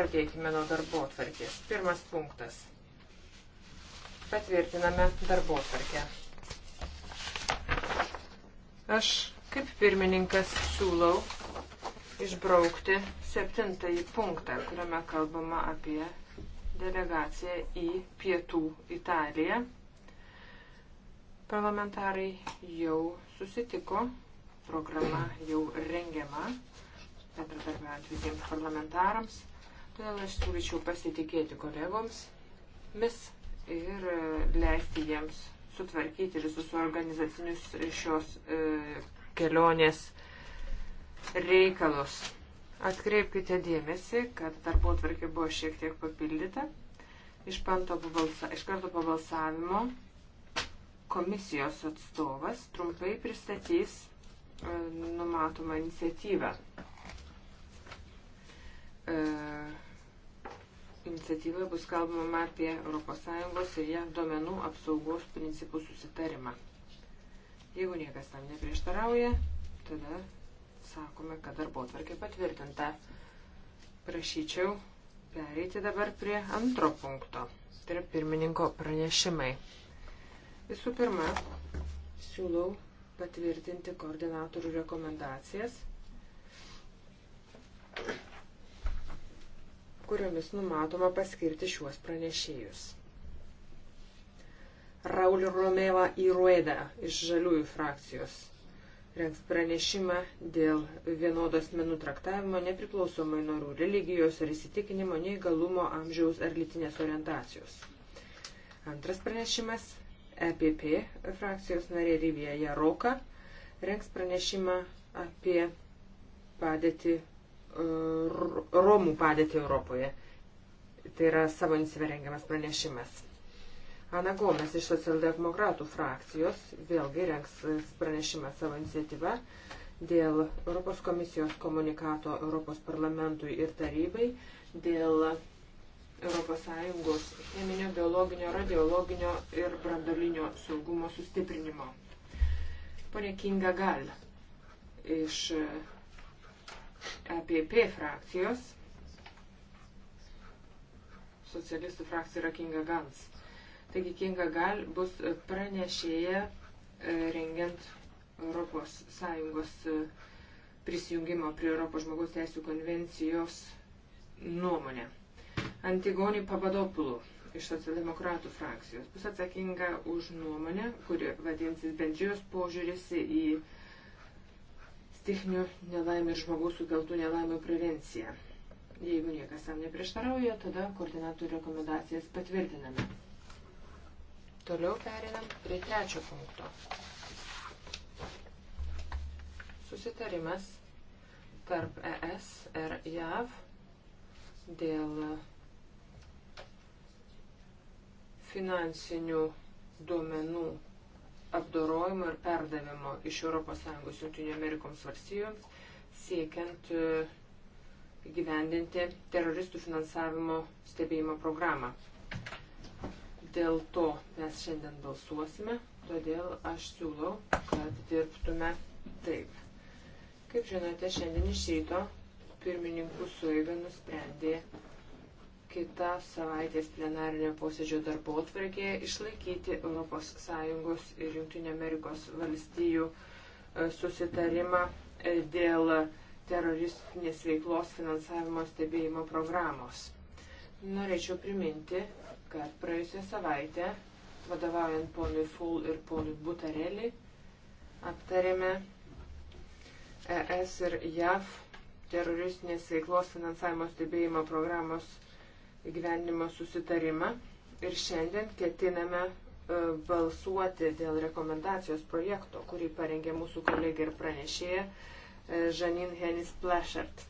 Pradėkime nuo darbo atvarkės. Pirmas punktas. Patvirtiname darbo atvarkę. Aš kaip pirmininkas siūlau išbraukti septintąjį punktą, kuriame kalbama apie delegaciją į pietų Italiją. Parlamentarai jau susitiko, programa jau rengiama bendradarbiaujant visiems parlamentarams. Todėl aš siūlyčiau pasitikėti kolegoms mis ir e, leisti jiems sutvarkyti visus organizacinius šios e, kelionės reikalus. Atkreipkite dėmesį, kad darbo tvarkė buvo šiek tiek papildyta. Iš, pabalsa, iš karto po balsavimo komisijos atstovas trumpai pristatys e, numatomą iniciatyvą. E, iniciatyvoje bus kalbama apie ES ir JAV duomenų apsaugos principų susitarimą. Jeigu niekas tam neprieštarauja, tada sakome, kad darbo tvarkė patvirtinta. Prašyčiau pereiti dabar prie antro punkto. Tai yra pirmininko pranešimai. Visų pirma, siūlau patvirtinti koordinatorių rekomendacijas. Thank you kuriomis numatoma paskirti šiuos pranešėjus. Raul Romeva Irueda iš Žaliųjų frakcijos rengs pranešimą dėl vienodos menų traktavimo nepriklausomai nuo religijos ar įsitikinimo, neįgalumo, amžiaus ar lytinės orientacijos. Antras pranešimas e - EPP frakcijos narė Rivija Jaroka rengs pranešimą apie padėtį Romų padėtį Europoje. Tai yra savo insiverengiamas pranešimas. Ana Gomes iš socialdemokratų frakcijos vėlgi renks pranešimą savo iniciatyvą dėl Europos komisijos komunikato Europos parlamentui ir tarybai dėl ES cheminio, biologinio, radiologinio ir brandolinio saugumo sustiprinimo. Pone Kinga Gal iš EPP frakcijos. Socialistų frakcija yra Kinga Gans. Taigi Kinga Gal bus pranešėja e, rengiant Europos Sąjungos e, prisijungimo prie Europos žmogaus teisų konvencijos nuomonę. Antigonį Papadopulų iš socialdemokratų frakcijos bus atsakinga už nuomonę, kuri vadinsis bendrijos požiūrėsi į stichinių nelaimių ir žmogaus sukeltų nelaimių prevenciją. Jeigu niekas tam neprieštarauja, tada koordinatorių rekomendacijas patvirtiname. Toliau perinam prie trečio punkto. Susitarimas tarp ES ir JAV dėl finansinių duomenų apdorojimo ir perdavimo iš ES Junktinių Amerikoms valstijoms, siekiant e, įgyvendinti teroristų finansavimo stebėjimo programą. Dėl to mes šiandien balsuosime, todėl aš siūlau, kad dirbtume taip. Kaip žinote, šiandien iš ryto pirmininkų suėga nusprendė kitą savaitės plenarinio posėdžio darbo atvarkėje išlaikyti ES ir JAV e, susitarimą e, dėl teroristinės veiklos finansavimo stebėjimo programos. Norėčiau priminti, kad praėjusią savaitę, vadovaujant ponui Ful ir ponui Butarelį, aptarėme ES ir JAV teroristinės veiklos finansavimo stebėjimo programos įgyvendimo susitarimą ir šiandien ketiname e, balsuoti dėl rekomendacijos projekto, kurį parengė mūsų kolegė ir pranešėja e, Žanin Henis Plešert.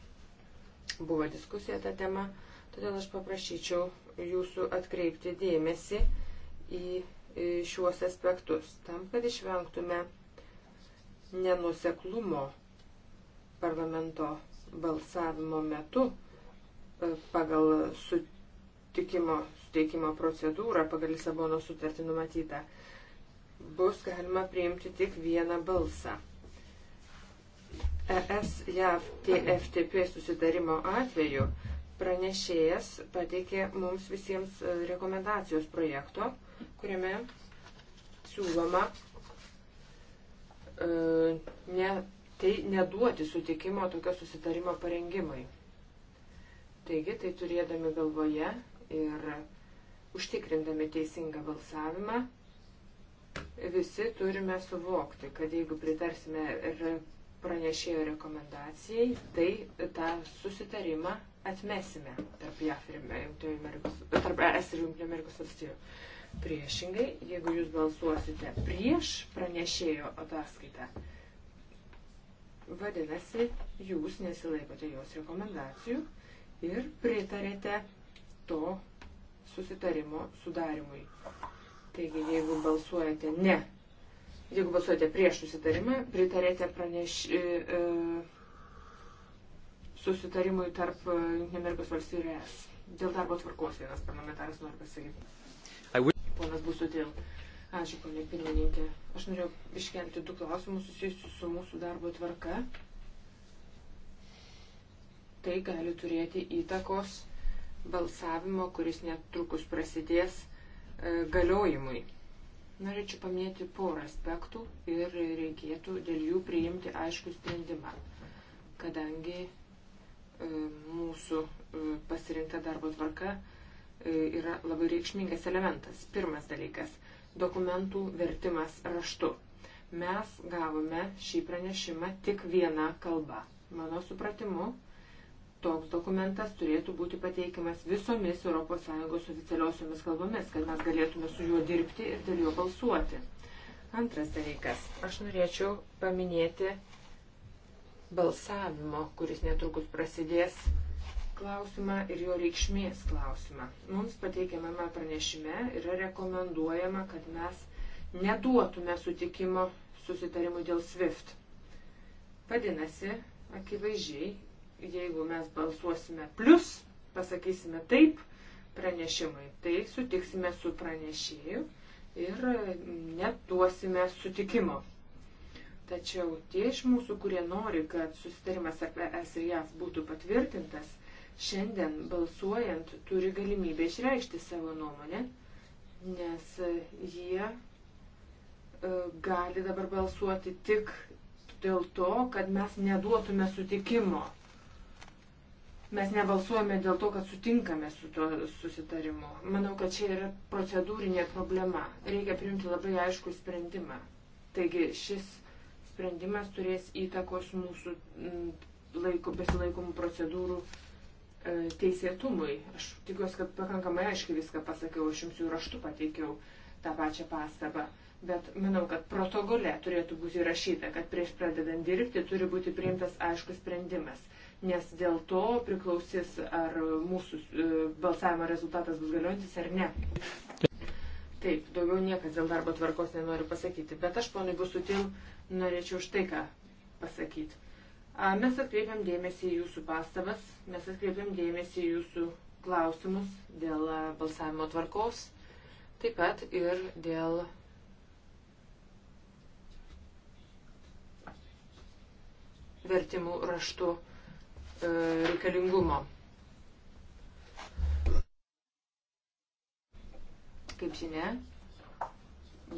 Buvo diskusija tą temą, todėl aš paprašyčiau jūsų atkreipti dėmesį į šiuos aspektus, tam, kad išvengtume nenuseklumo parlamento balsavimo metu e, pagal sutikimą sutikimo suteikimo procedūrą pagal Lisabono sutartį numatytą, bus galima priimti tik vieną balsą. ES-JAV TFTP susidarimo atveju pranešėjas pateikė mums visiems e, rekomendacijos projekto, kuriame siūloma e, ne, tai neduoti sutikimo tokio susitarimo parengimui. Taigi, tai turėdami galvoje, ir užtikrindami teisingą balsavimą visi turime suvokti, kad jeigu pritarsime ir pranešėjo rekomendacijai, tai tą susitarimą atmesime tarp JAF ir ES ir Junktinių Amerikos valstybių. Priešingai, jeigu jūs balsuosite prieš pranešėjo ataskaitą, vadinasi, jūs nesilaikote jos rekomendacijų ir pritarėte to susitarimo sudarimui. Taigi, jeigu balsuojate ne, jeigu balsuojate prieš susitarimą, pritarėte praneš, e, e, susitarimui tarp e, Amerikos valstybių ir ES. Dėl darbo tvarkos vienas parlamentaras nori pasakyti. Ponas Busutil. Ačiū, ponė pirmininkė. Aš noriu iškelti du klausimus susijusius su mūsų darbo tvarka. Tai gali turėti įtakos balsavimo, kuris netrukus prasidės e, galiojimui. Norėčiau paminėti porą aspektų ir reikėtų dėl jų priimti aiškų sprendimą, kadangi e, mūsų e, pasirinkta darbo tvarka yra labai reikšmingas elementas. Pirmas dalykas - dokumentų vertimas raštu. Mes gavome šį pranešimą tik vieną kalbą. Mano supratimu, toks dokumentas turėtų būti pateikiamas visomis ES oficialiosiomis kalbomis, kad mes galėtume su juo dirbti ir dėl jo balsuoti. Antras dalykas. Aš norėčiau paminėti balsavimo, kuris netrukus prasidės, klausimą ir jo reikšmės klausimą. Mums pateikiamame pranešime yra rekomenduojama, kad mes neduotume sutikimo susitarimui dėl SWIFT. Vadinasi, akivaizdžiai jeigu mes balsuosime plus, pasakysime taip pranešimui, tai sutiksime su pranešėju ir netuosime sutikimo. Tačiau tie iš mūsų, kurie nori, kad susitarimas apie ES ir JAV būtų patvirtintas, šiandien balsuojant turi galimybę išreikšti savo nuomonę, nes jie e, gali dabar balsuoti tik dėl to, kad mes neduotume sutikimo Mes nebalsuojame dėl to, kad sutinkame su tuo susitarimu. Manau, kad čia yra procedūrinė problema. Reikia priimti labai aišku sprendimą. Taigi šis sprendimas turės įtakos mūsų laiko, besilaikomų procedūrų e, teisėtumui. Aš tikiuosi, kad pakankamai aiškiai viską pasakiau, aš jums jau raštu pateikiau tą pačią pastabą. Bet manau, kad protokole turėtų būti įrašyta, kad prieš pradedant dirbti turi būti priimtas aiškus sprendimas nes dėl to priklausys, ar mūsų e, balsavimo rezultatas bus galiojantis ar ne. Taip, daugiau niekas dėl darbo tvarkos nenori pasakyti, bet aš ponui Busutil norėčiau štai ką pasakyti. Mes atkreipiam dėmesį į jūsų pastabas, mes atkreipiam dėmesį į jūsų klausimus dėl balsavimo tvarkos, taip pat ir dėl vertimų raštų. E, reikalingumo. Kaip žinia,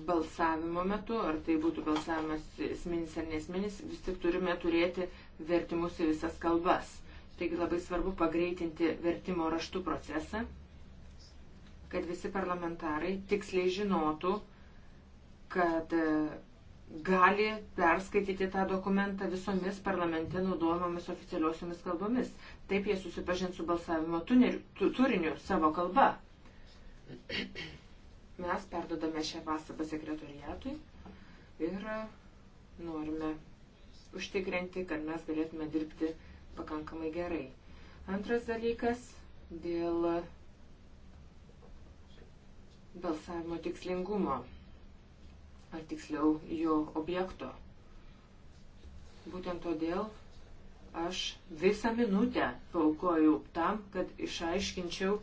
balsavimo metu, ar tai būtų balsavimas esminis ar nesminis, vis tik turime turėti vertimus į visas kalbas. Taigi labai svarbu pagreitinti vertimo raštų procesą, kad visi parlamentarai tiksliai žinotų, kad gali perskaityti tą dokumentą visomis parlamente naudojamomis oficialiosiomis kalbomis. Taip jie susipažins su balsavimo tuneriu, tu, turiniu savo kalba. Mes perdodame šią pastabą sekretoriatui ir norime užtikrinti, kad mes galėtume dirbti pakankamai gerai. Antras dalykas dėl balsavimo tikslingumo ar tiksliau jo objekto. Būtent todėl aš visą minutę paukojau tam, kad išaiškinčiau,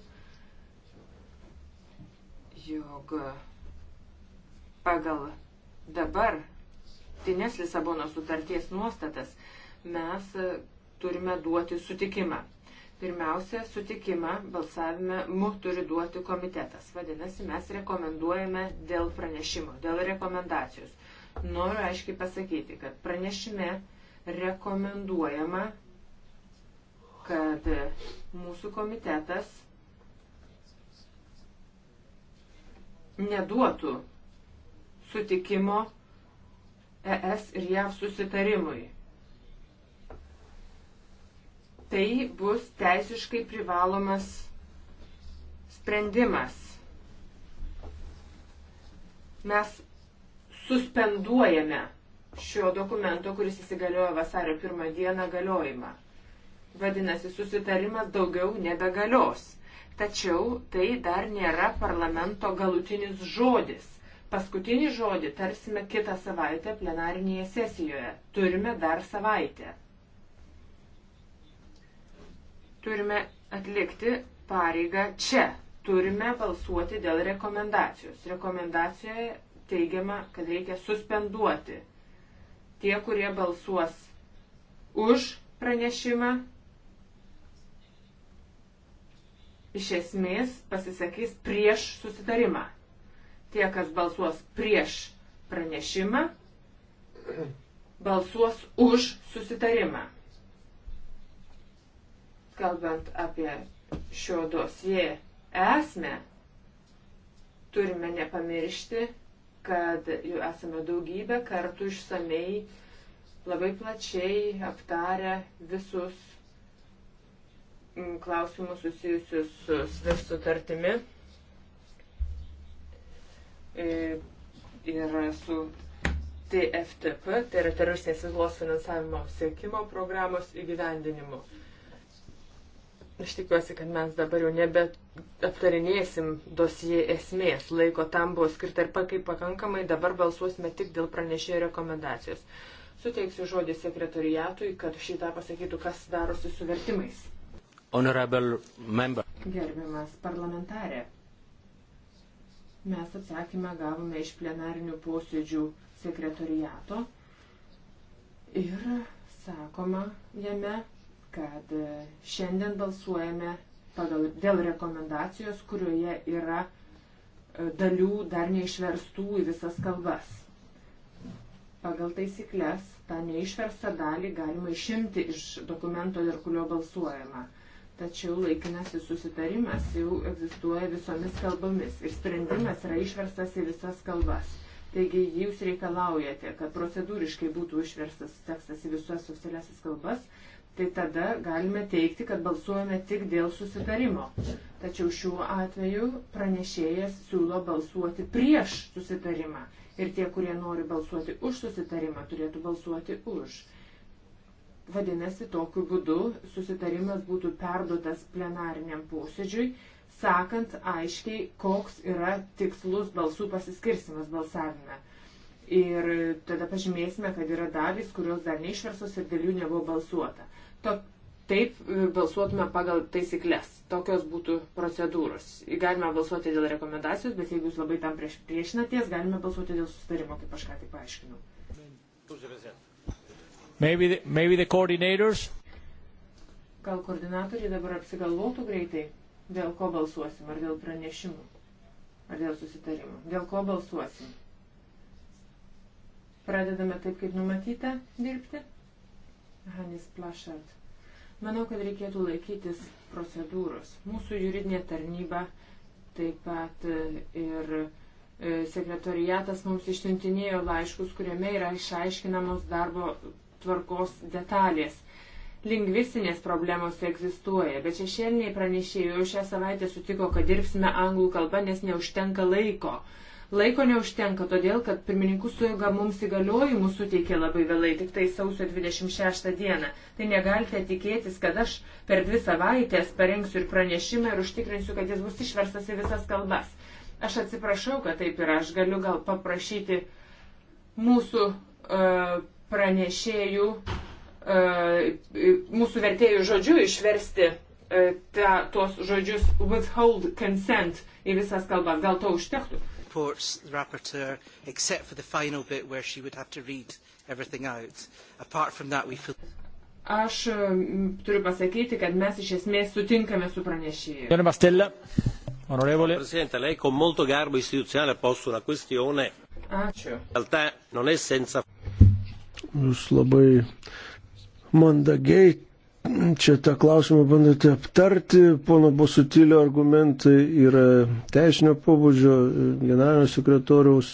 jog pagal dabar tinės Lisabono sutarties nuostatas mes turime duoti sutikimą. Pirmiausia, sutikimą balsavime mu turi duoti komitetas. Vadinasi, mes rekomenduojame dėl pranešimo, dėl rekomendacijos. Noriu aiškiai pasakyti, kad pranešime rekomenduojama, kad mūsų komitetas neduotų sutikimo ES ir JAV susitarimui tai bus teisiškai privalomas sprendimas. Mes suspenduojame šio dokumento, kuris įsigaliojo vasario pirmą dieną galiojimą. Vadinasi, susitarimas daugiau nebegalios. Tačiau tai dar nėra parlamento galutinis žodis. Paskutinį žodį tarsime kitą savaitę plenarinėje sesijoje. Turime dar savaitę turime atlikti pareigą čia. Turime balsuoti dėl rekomendacijos. Rekomendacijoje teigiama, kad reikia suspenduoti. Tie, kurie balsuos už pranešimą, iš esmės pasisakys prieš susitarimą. Tie, kas balsuos prieš pranešimą, balsuos už susitarimą kalbant apie šio dosie esmę, turime nepamiršti, kad jau esame daugybę kartų išsamei, labai plačiai aptarę visus mm, klausimus susijusius su SWIFT sutartimi e, ir su TFTP, tai yra teroristinės veiklos finansavimo sėkimo programos įgyvendinimu. Aš tikiuosi, kad mes dabar jau nebe aptarinėsim dosijai esmės. Laiko tam buvo skirta ir kaip pakankamai, dabar balsuosime tik dėl pranešėjo rekomendacijos. Suteiksiu žodį sekretoriatui, kad šitą pasakytų, kas darosi su vertimais. Honorable member. Gerbiamas parlamentarė. Mes atsakymą gavome iš plenarinių posėdžių sekretoriato ir sakoma jame, kad e, šiandien balsuojame pagal, dėl rekomendacijos, kurioje yra e, dalių dar neišverstų į visas kalbas. Pagal taisyklės tą neišverstą dalį galima išimti iš dokumento, dėl kurio balsuojama. Tačiau laikinasis susitarimas jau egzistuoja visomis kalbomis ir sprendimas yra išverstas į visas kalbas. Taigi jūs reikalaujate, kad procedūriškai būtų išverstas tekstas į visas oficialiasis kalbas, tai tada galime teikti, kad balsuojame tik dėl susitarimo. Tačiau šiuo atveju pranešėjas siūlo balsuoti prieš susitarimą ir tie, kurie nori balsuoti už susitarimą, turėtų balsuoti už. Vadinasi, tokiu būdu susitarimas būtų perduotas plenariniam posėdžiui, sakant aiškiai, koks yra tikslus balsų pasiskirsimas balsavime. Ir tada pažymėsime, kad yra dalys, kurios dar neišversos ir dėl jų nebuvo balsuota taip e, balsuotume pagal taisyklės. Tokios būtų procedūros. Galime balsuoti dėl rekomendacijos, bet jeigu jūs labai tam prieš, priešinaties, galime balsuoti dėl sustarimo, kaip aš ką tik paaiškinau. Maybe the, maybe the coordinators? Gal koordinatoriai dabar apsigalvotų greitai, dėl ko balsuosim, ar dėl pranešimų, ar dėl susitarimo. Dėl ko balsuosim? Pradedame taip, kaip numatyta dirbti? Hanis Plašat. Manau, kad reikėtų laikytis procedūros. Mūsų juridinė tarnyba taip pat e, ir e, sekretariatas mums išsiuntinėjo laiškus, kuriame yra išaiškinamos darbo tvarkos detalės. Lingvistinės problemos egzistuoja, bet šešėliniai pranešėjai jau šią savaitę sutiko, kad dirbsime anglų kalbą, nes neužtenka laiko. Uh, Laiko neužtenka, todėl kad pirmininkų suėga mums įgaliojimų suteikė labai vėlai, tik tai sausio 26 dieną. Tai negalite tikėtis, kad aš per dvi savaitės parengsiu ir pranešimą ir užtikrinsiu, kad jis bus išverstas į visas kalbas. Aš atsiprašau, kad taip yra. Aš galiu gal paprašyti mūsų uh, pranešėjų, uh, mūsų vertėjų žodžių išversti uh, e, ta, tuos žodžius withhold consent į visas kalbas. Gal to užtektų? supports the rapporteur, except for the final bit where she would have to read everything out. Apart from that, we feel... Aš um, turiu pasakyti, kad mes iš esmės sutinkame su pranešėju. Gerbiamas Stella, onorevole. Presidente, lei con molto garbo istituzionale ha posto una questione. Ačiū. Realtà non è senza. Jūs labai mandagiai čia tą klausimą bandote aptarti. Pono Bosutilio argumentai yra teisinio pobūdžio generalinio sekretoriaus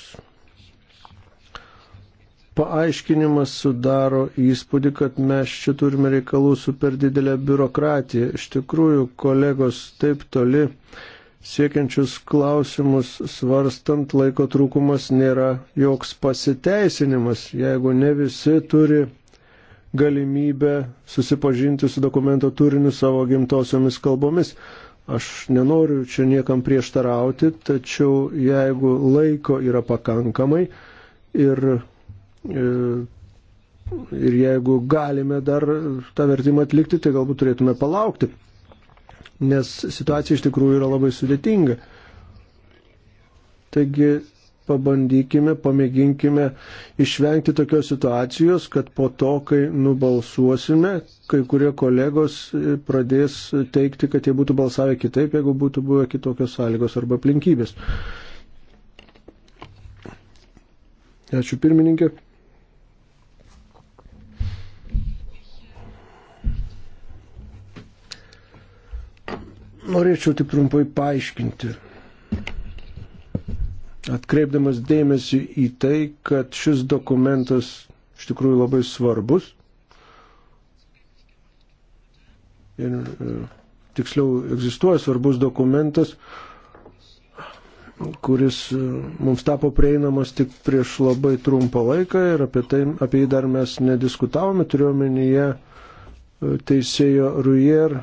paaiškinimas sudaro įspūdį, kad mes čia turime reikalų su per didelė biurokratija. Iš tikrųjų, kolegos taip toli siekiančius klausimus svarstant laiko trūkumas nėra joks pasiteisinimas, jeigu ne visi turi galimybę susipažinti su dokumento turiniu savo gimtosiomis kalbomis. Aš nenoriu čia niekam prieštarauti, tačiau jeigu laiko yra pakankamai ir, e, ir jeigu galime dar tą vertimą atlikti, tai galbūt turėtume palaukti, nes situacija iš tikrųjų yra labai sudėtinga. Taigi pabandykime, pamėginkime išvengti tokios situacijos, kad po to, kai nubalsuosime, kai kurie kolegos pradės teikti, kad jie būtų balsavę kitaip, jeigu būtų buvę kitokios sąlygos arba aplinkybės. Ačiū pirmininkė. Norėčiau tik trumpai paaiškinti atkreipdamas dėmesį į tai, kad šis dokumentas iš tikrųjų labai svarbus. Ir e, tiksliau egzistuoja svarbus dokumentas, kuris e, mums tapo prieinamas tik prieš labai trumpą laiką ir apie, tai, apie jį dar mes nediskutavome, turiuomenyje e, teisėjo Rujer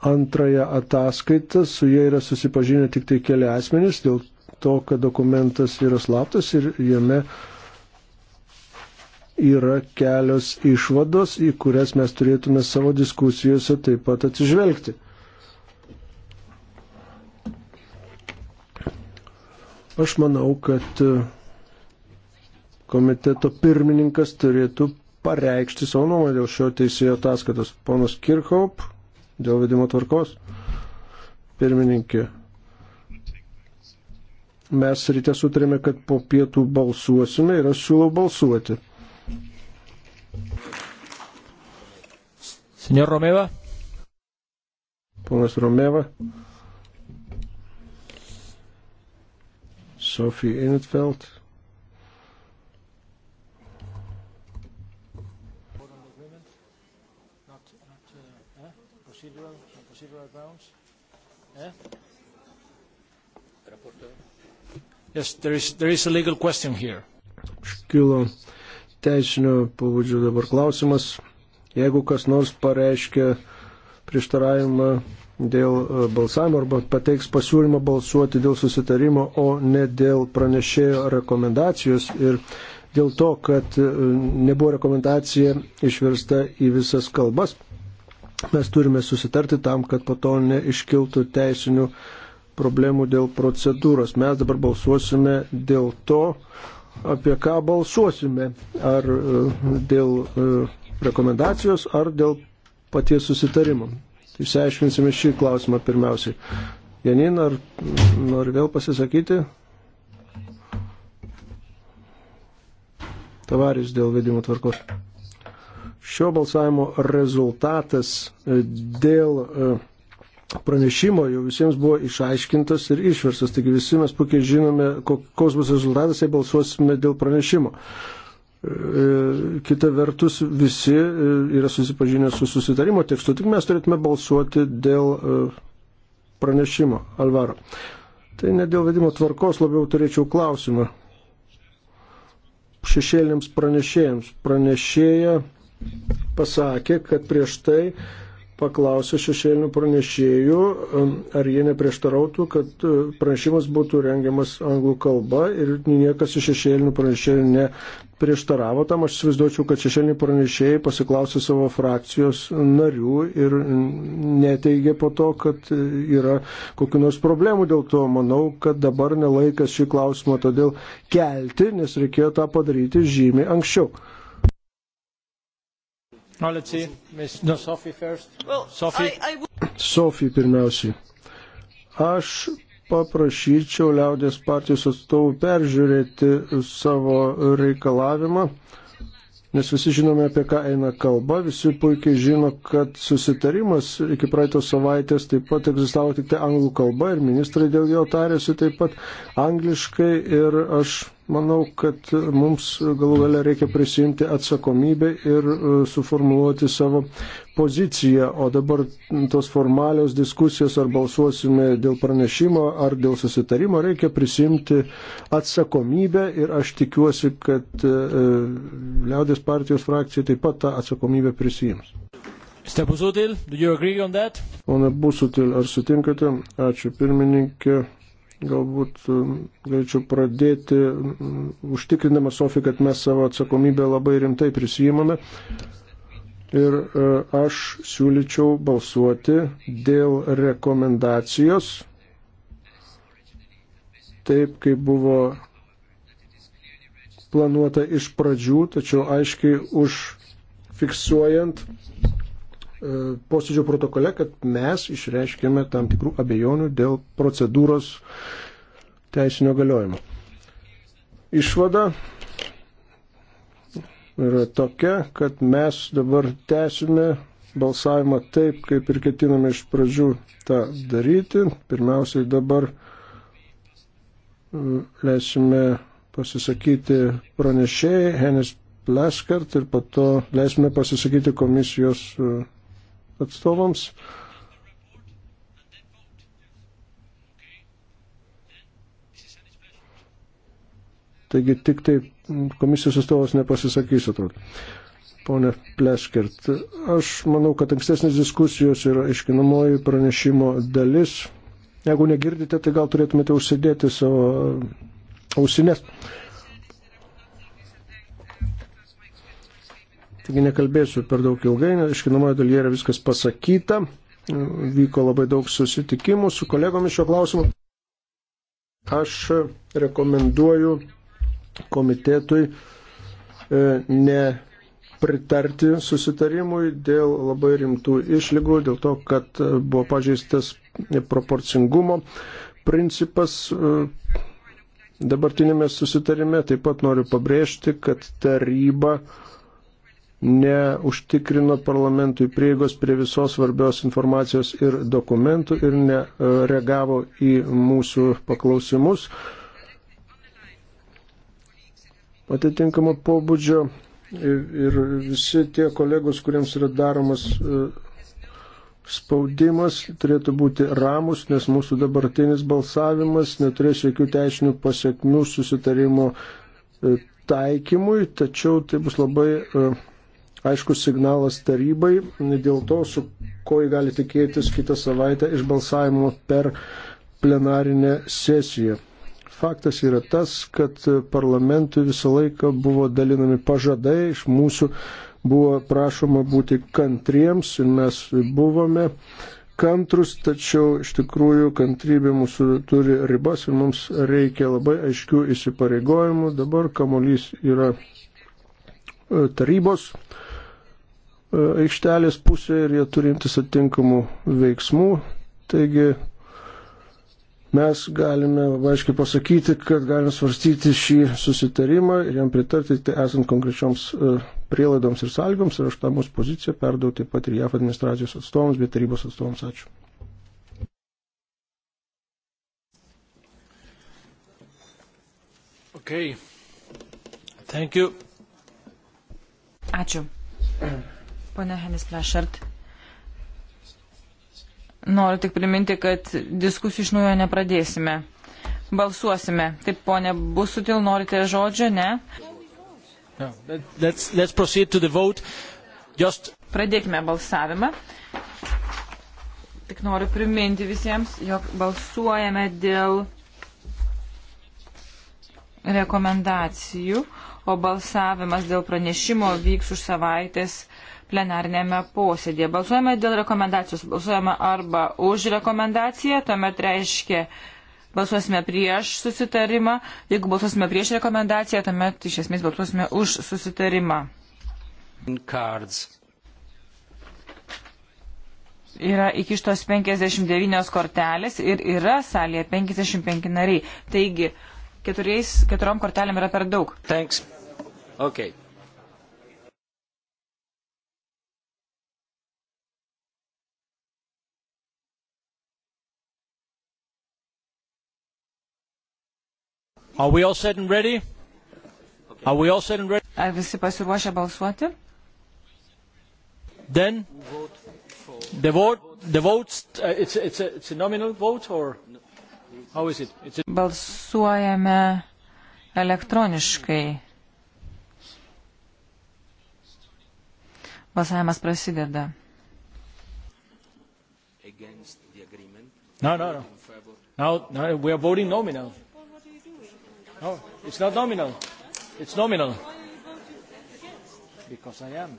antrąją ataskaitą, su jie yra susipažinę tik tai keli asmenys, dėl to, kad dokumentas yra slaptas ir jame yra kelios išvados, į kurias mes turėtume savo diskusijose taip pat atsižvelgti. Aš manau, kad e, komiteto pirmininkas turėtų pareikšti savo nuomonę dėl šio teisėjo ataskaitos. Ponas Kirchhoff dėl vedimo tvarkos. Pirmininkė, mes ryte sutarėme, kad po pietų balsuosime ir aš siūlau balsuoti. Senor Romeva. Ponas Romeva. Sophie Infeld. Yes, there is, there is a legal question here. Iškilo teisinio pavadžio dabar klausimas. Jeigu kas nors pareiškia prieštaravimą dėl e, balsavimo arba pateiks pasiūlymą balsuoti dėl susitarimo, o ne dėl pranešėjo rekomendacijos ir dėl to, kad e, nebuvo rekomendacija išversta į visas kalbas. Mes turime susitarti tam, kad po to neiškiltų teisinių problemų dėl procedūros. Mes dabar balsuosime dėl to, apie ką balsuosime. Ar e, dėl e, rekomendacijos, ar dėl paties susitarimo. Išsiaiškinsime šį klausimą pirmiausiai. Janin, ar nori vėl pasisakyti? Tavaris dėl vedimo tvarkos. Šio balsavimo rezultatas e, dėl pranešimo jau visiems buvo išaiškintas ir išverstas, taigi visi mes puikiai žinome, koks bus rezultatas, jei balsuosime dėl pranešimo. E, e, kita vertus, visi e, yra susipažinę su susitarimo tekstu, tik mes turėtume balsuoti dėl pranešimo Alvaro. Tai ne dėl vedimo tvarkos labiau turėčiau klausimą. Šešėlėms pranešėjams. Pranešėja pasakė, kad prieš tai paklausė šešėlinių pranešėjų, ar jie neprieštarautų, kad e, pranešimas būtų rengiamas anglų kalba ir niekas iš šešėlinių pranešėjų neprieštaravo tam. Aš įsivaizduočiau, kad šešėliniai pranešėjai pasiklausė savo frakcijos narių ir neteigė po to, kad yra kokiu nors problemu dėl to. Manau, kad dabar nelaikas šį klausimą todėl kelti, nes reikėjo tą padaryti žymiai anksčiau. No, let's see. Miss, no, Sophie first. Well, Sophie. I, I w- Sophie pirmiausiai. Aš paprašyčiau liaudės partijos atstovų peržiūrėti savo reikalavimą, nes visi žinome, apie ką eina kalba, visi puikiai žino, kad susitarimas iki praeitos savaitės taip pat egzistavo tik tai anglų kalba ir ministrai dėl jo tarėsi taip pat angliškai ir aš Manau, kad mums galų gale reikia prisimti atsakomybę ir e, suformuoluoti savo poziciją, o dabar tos formalios diskusijos ar balsuosime dėl pranešimo ar dėl susitarimo, reikia prisimti atsakomybę ir aš tikiuosi, kad e, e, Liaudės partijos frakcija taip pat tą atsakomybę prisijims. Stepusutil, do you agree on that? Pone Busutil, ar sutinkate? Ačiū pirmininkė. Galbūt um, galėčiau pradėti um, užtikrindama Sofiją, kad mes savo atsakomybę labai rimtai prisijimame. Ir e, aš siūlyčiau balsuoti dėl rekomendacijos, taip kaip buvo planuota iš pradžių, tačiau aiškiai užfiksuojant E, posėdžio protokole, kad mes išreiškėme tam tikrų abejonių dėl procedūros teisinio galiojimo. Išvada yra tokia, kad mes dabar tęsime balsavimą taip, kaip ir ketiname iš pradžių tą daryti. Pirmiausiai dabar leisime pasisakyti pranešėjai Henis Pleskart ir po to leisime pasisakyti komisijos atstovams. Taigi tik tai komisijos atstovas nepasisakys, atrodo. Pone Pleškert, aš manau, kad ankstesnės diskusijos yra aiškinamoji pranešimo dalis. Jeigu negirdite, tai gal turėtumėte užsidėti savo ausinės. Taigi nekalbėsiu per daug ilgai, nes iškinamoje dalyje yra viskas pasakyta. Vyko labai daug susitikimų su kolegomis šio klausimu. Aš rekomenduoju komitetui e, nepritarti susitarimui dėl labai rimtų išlygų, dėl to, kad buvo pažeistas proporcingumo principas e, dabartinėme susitarime. Taip pat noriu pabrėžti, kad taryba neužtikrino parlamentui prieigos prie visos svarbios informacijos ir dokumentų ir nereagavo į mūsų paklausimus. Atitinkamo pobūdžio ir visi tie kolegos, kuriems yra daromas e, spaudimas, turėtų būti ramus, nes mūsų dabartinis balsavimas neturės jokių teisinių pasiekmių susitarimo e, taikymui, tačiau tai bus labai uh, aiškus signalas tarybai dėl to, su ko jį gali tikėtis kitą savaitę iš balsavimo per plenarinę sesiją. Faktas yra tas, kad parlamentui visą laiką buvo dalinami pažadai, iš mūsų buvo prašoma būti kantriems ir mes buvome kantrus, tačiau iš tikrųjų kantrybė mūsų turi ribas ir mums reikia labai aiškių įsipareigojimų. Dabar kamolys yra e, tarybos E, aikštelės pusėje ir jie turi imtis atitinkamų veiksmų. Taigi mes galime labai aiškiai pasakyti, kad galime svarstyti šį susitarimą ir jam pritarti tai esant konkrečioms e, prielaidoms ir sąlygoms ir aš tą mūsų poziciją perdau taip pat ir JAF administracijos atstovams bei tarybos atstovams. Ačiū. Okay. Thank you. Ačiū. Pone Henis Plešart. Noriu tik priminti, kad diskusijų iš naujo nepradėsime. Balsuosime. Taip, ponė Busutil, norite žodžio, ne? No, let's, let's proceed to the vote. Just... Pradėkime balsavimą. Tik noriu priminti visiems, jog balsuojame dėl rekomendacijų, o balsavimas dėl pranešimo vyks už savaitės plenarnėme posėdėje. Balsuojame dėl rekomendacijos. Balsuojame arba už rekomendaciją, tuomet reiškia balsuosime prieš susitarimą. Jeigu balsuosime prieš rekomendaciją, tuomet iš esmės balsuosime už susitarimą. Cards. Yra įkištos 59 kortelės ir yra salėje 55 nariai. Taigi, keturiais, keturiom kortelėm yra per daug. Thanks. Okay. Are we all set and ready? Are we all set and ready? Ar visi pasiruošę balsuoti? Then the vote, the votes, uh, it's, it's, a, it's a nominal vote or how is it? It's a... Balsuojame elektroniškai. Balsavimas prasideda. No, no, no. Now, now we are voting nominal. No, oh, it's not nominal. It's nominal. Because I am.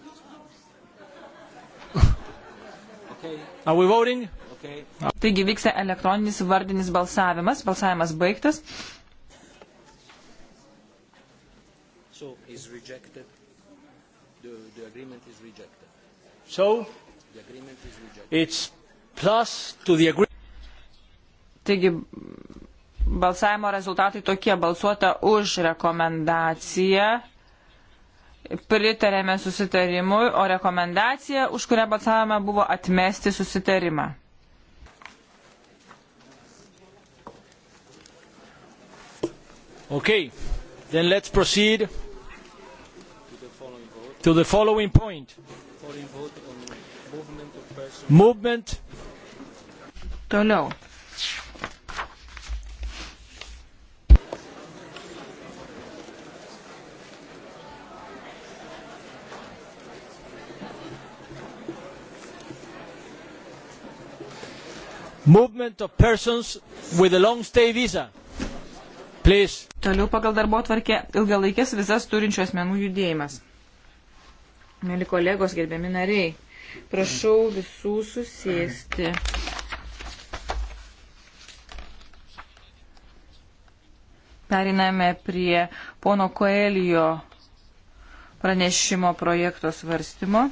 Okay. Are we voting? Okay. Taigi vyksta elektroninis vardinis balsavimas. Balsavimas baigtas. So is rejected. The, the agreement is rejected. So the agreement is rejected. It's plus to the agreement. Taigi balsavimo rezultatai tokie. Balsuota už rekomendaciją, pritarėme susitarimui, o rekomendacija, už kurią balsavome, buvo atmesti susitarimą. Okay, then let's proceed to the following point. Movement. Toliau. movement of persons with a long stay visa. Please. Toliau pagal darbo tvarkė ilgalaikės vizas turinčių asmenų judėjimas. Mėly kolegos, gerbiami nariai, prašau visų susėsti. Periname prie pono Koelijo pranešimo projekto svarstymo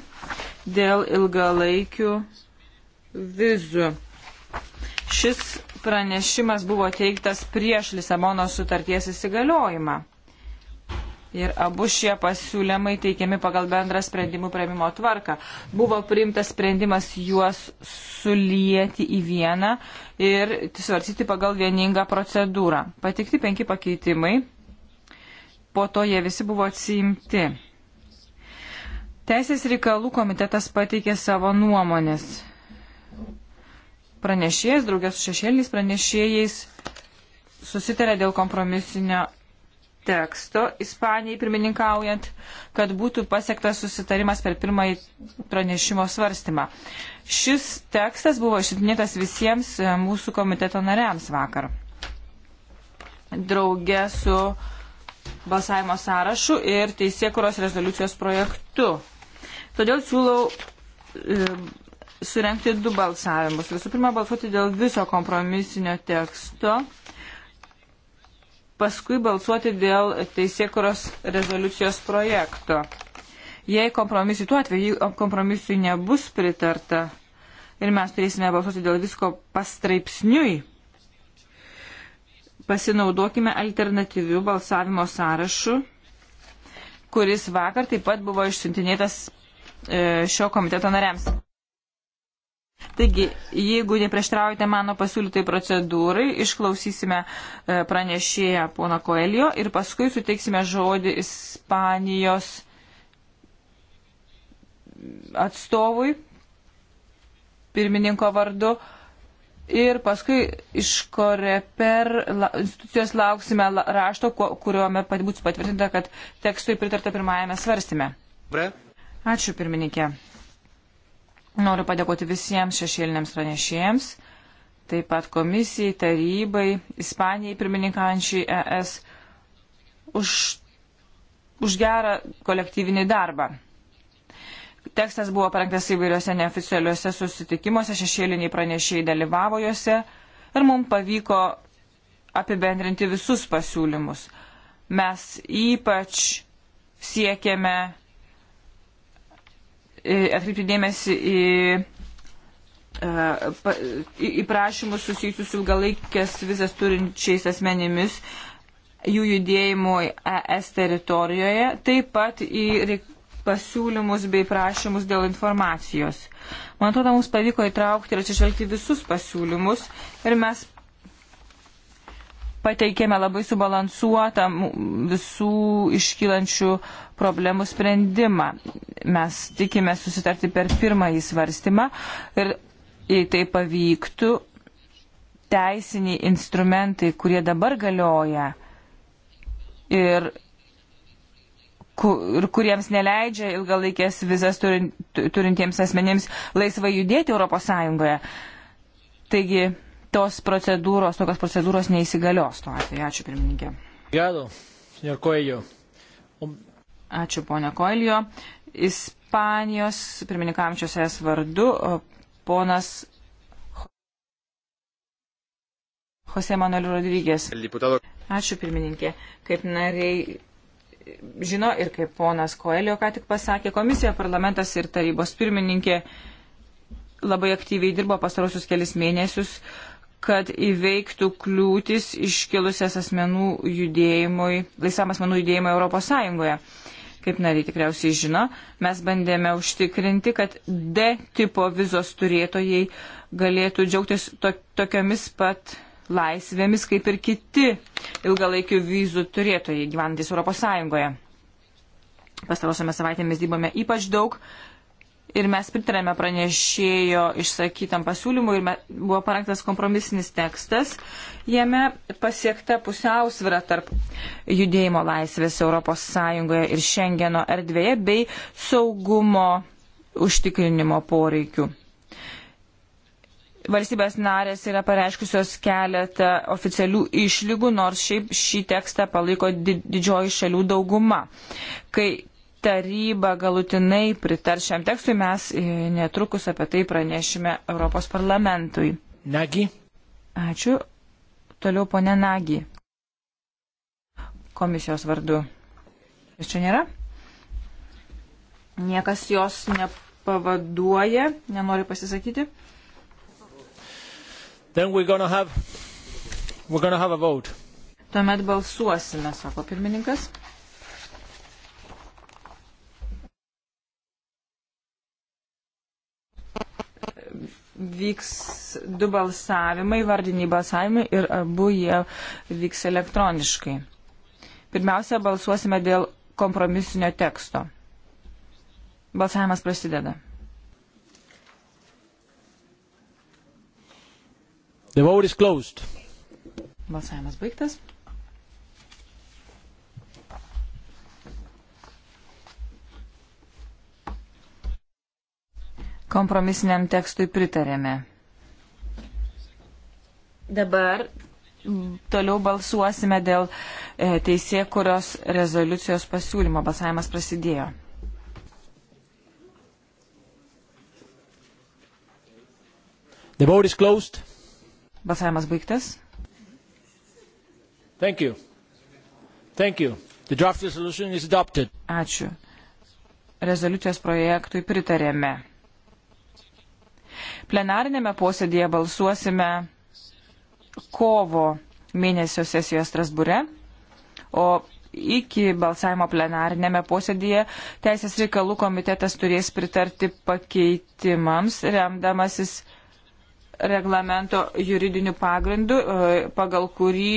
dėl ilgalaikių vizų. Šis pranešimas buvo teiktas prieš Lisabono sutarties įsigaliojimą. Ir abu šie pasiūlymai teikiami pagal bendrą sprendimų prieimimo tvarką. Buvo priimtas sprendimas juos sulieti į vieną ir svarstyti pagal vieningą procedūrą. Patikti penki pakeitimai, po to jie visi buvo atsiimti. Teisės reikalų komitetas pateikė savo nuomonės pranešėjas, draugės su šešėliais pranešėjais susitarė dėl kompromisinio teksto Ispanijai pirmininkaujant, kad būtų pasiektas susitarimas per pirmąjį pranešimo svarstymą. Šis tekstas buvo išsitinėtas visiems e, mūsų komiteto nariams vakar. Drauge su balsavimo sąrašu ir teisėkuros rezoliucijos projektu. Todėl siūlau e, surenkti du balsavimus. Visų pirma, balsuoti dėl viso kompromisinio teksto, paskui balsuoti dėl teisėkuros rezoliucijos projekto. Jei kompromisui, tuo atveju kompromisui nebus pritarta ir mes turėsime balsuoti dėl visko pastraipsniui, pasinaudokime alternatyvių balsavimo sąrašų, kuris vakar taip pat buvo išsintinėtas e, šio komiteto nariams. Taigi, jeigu neprieštraujate mano pasiūlytai procedūrai, išklausysime e, pranešėją pono Koelio ir paskui suteiksime žodį Ispanijos atstovui, pirmininko vardu. Ir paskui iš Koreper institucijos lauksime rašto, kuriuome būtų patvirtinta, kad tekstui pritarta pirmajame svarstime. Ačiū, pirmininkė. Noriu padėkoti visiems šešėliniams pranešėjams, taip pat komisijai, tarybai, Ispanijai pirmininkaujančiai ES už, už gerą kolektyvinį darbą. Tekstas buvo parengtas įvairiuose neoficialiuose susitikimuose, šešėliniai pranešėjai dalyvavo juose ir mums pavyko apibendrinti visus pasiūlymus. Mes ypač siekėme atkreipti dėmesį e, į, į prašymus susijusius ilgalaikės vizas turinčiais asmenimis, jų judėjimų ES teritorijoje, taip pat į pasiūlymus bei prašymus dėl informacijos. Man atrodo, mums pavyko įtraukti ir atsižvelgti visus pasiūlymus ir mes pateikėme labai subalansuotą visų iškylančių problemų sprendimą. Mes tikime susitarti per pirmąjį svarstymą ir jei tai pavyktų, teisiniai instrumentai, kurie dabar galioja ir, ku, ir kuriems neleidžia ilgalaikės vizas turintiems asmenėms laisvai judėti ES. Taigi, tos procedūros, tokios procedūros neįsigalios tuo atveju. Ačiū, pirmininkė. Gado, Koelio. Um, Ačiū, ponia Koelio. Ispanijos pirmininkamčios es vardu ponas Jose Manuel Rodrygės. Ačiū, pirmininkė. Kaip nariai žino ir kaip ponas Koelio ką tik pasakė, komisija, parlamentas ir tarybos pirmininkė labai aktyviai dirbo pastarosius kelis mėnesius kad įveiktų kliūtis iškilusias asmenų judėjimui, laisvam asmenų judėjimui Europos Sąjungoje. Kaip nariai tikriausiai žino, mes bandėme užtikrinti, kad D tipo vizos turėtojai galėtų džiaugtis to, tokiamis pat laisvėmis kaip ir kiti ilgalaikių vizų turėtojai gyvenantis Europos Sąjungoje. Pastarosiamis savaitėmis dirbame ypač daug ir mes pritarėme pranešėjo išsakytam pasiūlymui ir me, buvo parengtas kompromisinis tekstas. Jame pasiekta pusiausvyrą tarp judėjimo laisvės ES ir Šengeno erdvėje bei saugumo užtikrinimo poreikių. Valstybės narės yra pareiškusios keletą oficialių išlygų, nors šiaip šį tekstą palaiko didžioji šalių dauguma. Kai taryba galutinai pritar šiam tekstui, mes e, netrukus apie tai pranešime Europos parlamentui. Nagi. Ačiū. Toliau ponė Nagi. Komisijos vardu. Jis čia nėra? Niekas jos nepavaduoja, nenori pasisakyti. Have, Tuomet balsuosime, sako pirmininkas. vyks du balsavimai, vardiniai balsavimai ir abu jie vyks elektroniškai. Pirmiausia, balsuosime dėl kompromisinio teksto. Balsavimas prasideda. The vote is closed. Balsavimas baigtas. Kompromisiniam tekstui pritarėme. Dabar toliau balsuosime dėl e, teisė, kurios rezoliucijos pasiūlymo balsavimas prasidėjo. The vote is closed. Balsavimas baigtas. Thank you. Thank you. The draft resolution is adopted. Ačiū. Rezoliucijos projektui pritarėme. Plenarinėme posėdėje balsuosime kovo mėnesio sesijoje Strasbūre, o iki balsavimo plenarinėme posėdėje Teisės reikalų komitetas turės pritarti pakeitimams, remdamasis reglamento juridiniu pagrindu, e, pagal kurį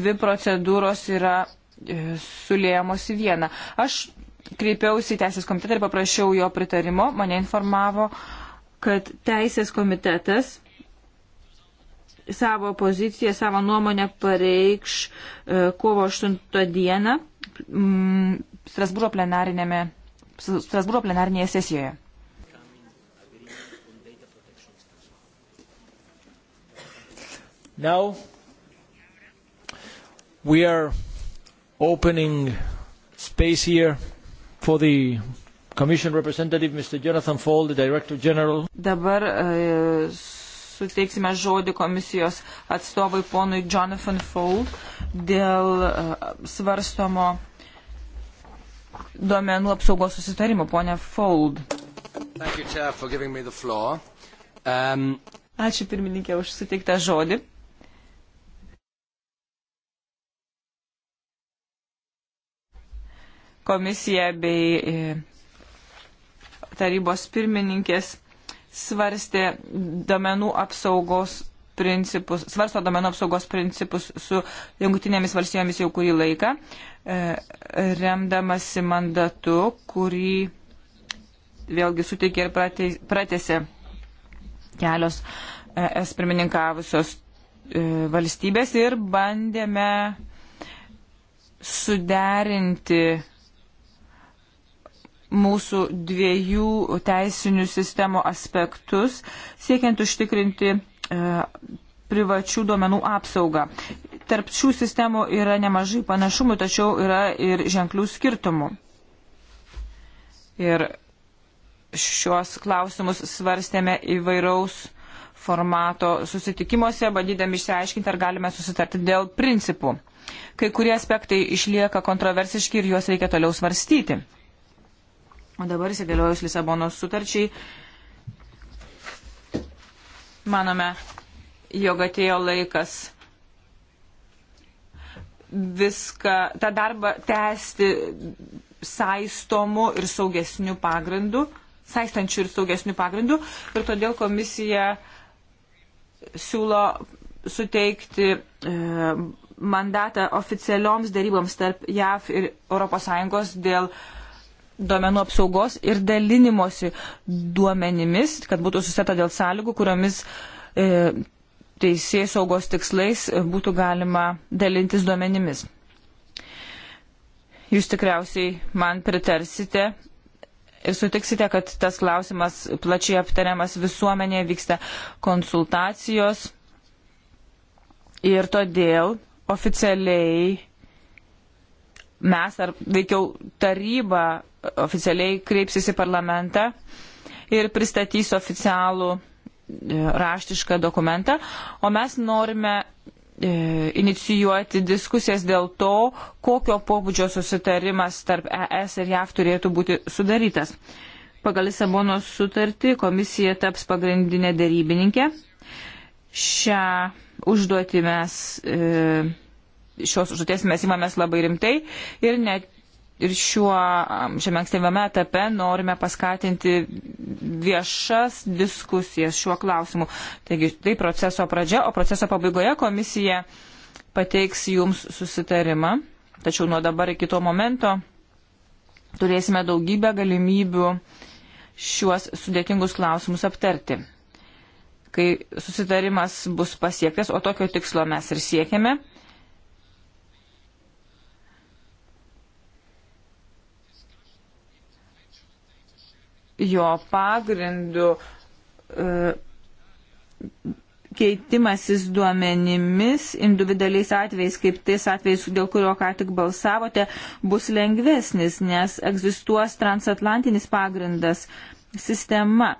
dvi procedūros yra e, sulėjamos į vieną. Aš kreipiausi į Teisės komitetą ir paprašiau jo pritarimo, mane informavo, uh, kad teisės komitetas savo poziciją, savo nuomonę pareikš e, kovo 8 dieną Strasbūro plenarinėme, Strasbūro plenarinėje sesijoje. Now we are opening space here for the Commission representative Mr. Jonathan Fall, the Director General. Dabar e, suteiksime žodį komisijos atstovui ponui Jonathan Fall dėl e, svarstomo duomenų apsaugos susitarimo. Pone Fold. Thank you, Chair, for giving me the floor. Um... Ačiū pirmininkė už suteiktą žodį. Komisija bei e, tarybos pirmininkės svarstė domenų apsaugos principus, svarsto domenų apsaugos principus su jungtinėmis valstybėmis jau kurį laiką, e, remdamasi mandatu, kurį vėlgi suteikė ir pratėsi kelios e, es pirmininkavusios e, valstybės ir bandėme suderinti mūsų dviejų teisinių sistemų aspektus, siekiant užtikrinti e, privačių duomenų apsaugą. Tarp šių sistemų yra nemažai panašumų, tačiau yra ir ženklių skirtumų. Ir šios klausimus svarstėme įvairaus formato susitikimuose, bandydami išsiaiškinti, ar galime susitarti dėl principų. Kai kurie aspektai išlieka kontroversiški ir juos reikia toliau svarstyti. O dabar įsigaliojus Lisabonos sutarčiai, manome, jog atėjo laikas viską, tą darbą tęsti saistomu ir saugesniu pagrindu, saistančiu ir saugesniu pagrindu. Ir todėl komisija siūlo suteikti e, mandatą oficialioms daryboms tarp JAV ir ES dėl e, duomenų apsaugos ir dalinimosi duomenimis, kad būtų susita dėl sąlygų, kuriomis e, teisės saugos tikslais e, būtų galima dalintis duomenimis. Jūs tikriausiai man pritarsite ir sutiksite, kad tas klausimas plačiai aptariamas visuomenėje vyksta konsultacijos ir todėl oficialiai mes ar veikiau taryba oficialiai kreipsis į parlamentą ir pristatys oficialų e, raštišką dokumentą, o mes norime e, inicijuoti diskusijas dėl to, kokio pobūdžio susitarimas tarp ES ir JAV turėtų būti sudarytas. Pagal Lisabonos sutartį komisija taps pagrindinė dėrybininkė. Šią užduotį mes, e, šios užduoties mes įmamės labai rimtai ir net ir šiuo, šiame ankstyvame etape norime paskatinti viešas diskusijas šiuo klausimu. Taigi tai proceso pradžia, o proceso pabaigoje komisija pateiks jums susitarimą. Tačiau nuo dabar iki to momento turėsime daugybę galimybių šiuos sudėtingus klausimus aptarti. Kai susitarimas bus pasiektas, o tokio tikslo mes ir siekiame, jo pagrindu e, keitimasis duomenimis individualiais atvejais, kaip tais atvejais, dėl kurio ką tik balsavote, bus lengvesnis, nes egzistuos transatlantinis pagrindas sistema.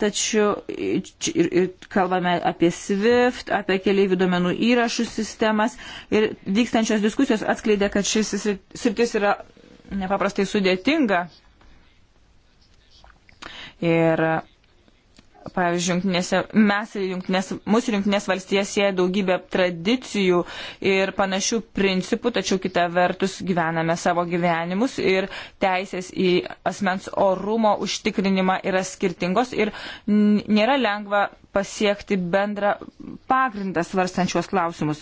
Tačiau ir, ir kalbame apie SWIFT, apie keliaivių duomenų įrašų sistemas ir vykstančios diskusijos atskleidė, kad šis sritis yra nepaprastai sudėtinga Ir pavyzdžiui, jungtinėse, mes jungtinės, mūsų jungtinės valstijas sieja daugybė tradicijų ir panašių principų, tačiau kita vertus gyvename savo gyvenimus ir teisės į asmens orumo užtikrinimą yra skirtingos ir nėra lengva pasiekti bendrą pagrindą svarstant šios klausimus.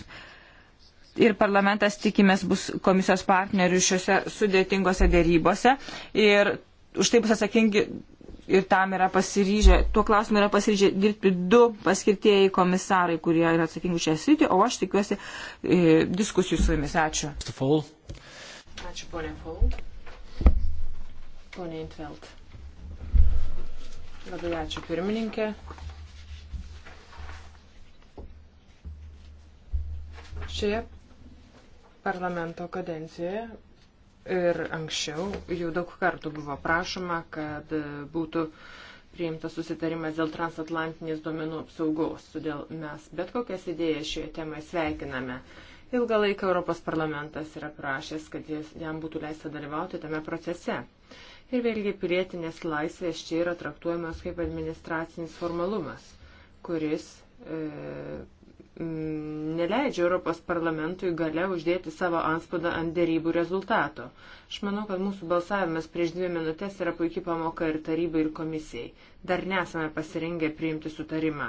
Ir parlamentas tikimės bus komisijos partnerių šiuose sudėtingose dėrybose ir už tai bus atsakingi ir tam yra pasiryžę, tuo klausimu yra pasiryžę dirbti du paskirtieji komisarai, kurie yra atsakingi šią sritį, o aš tikiuosi e, diskusijų su jumis. Ačiū. Ačiū, ponė Faul. Ponė Intvelt. Labai ačiū, pirmininkė. Šioje parlamento kadencijoje Ir anksčiau jau daug kartų buvo prašoma, kad būtų priimtas susitarimas dėl transatlantinės duomenų apsaugos. Todėl mes bet kokias idėjas šioje temoje sveikiname. Ilgą laiką Europos parlamentas yra prašęs, kad jis, jam būtų leista dalyvauti tame procese. Ir vėlgi pilietinės laisvės čia yra traktuojamos kaip administracinis formalumas, kuris e, Mm, neleidžia Europos parlamentui gale uždėti savo anspaudą ant dėrybų rezultato. Aš manau, kad mūsų balsavimas prieš dvi minutės yra puikiai pamoka ir tarybai, ir komisijai. Dar nesame pasirengę priimti sutarimą.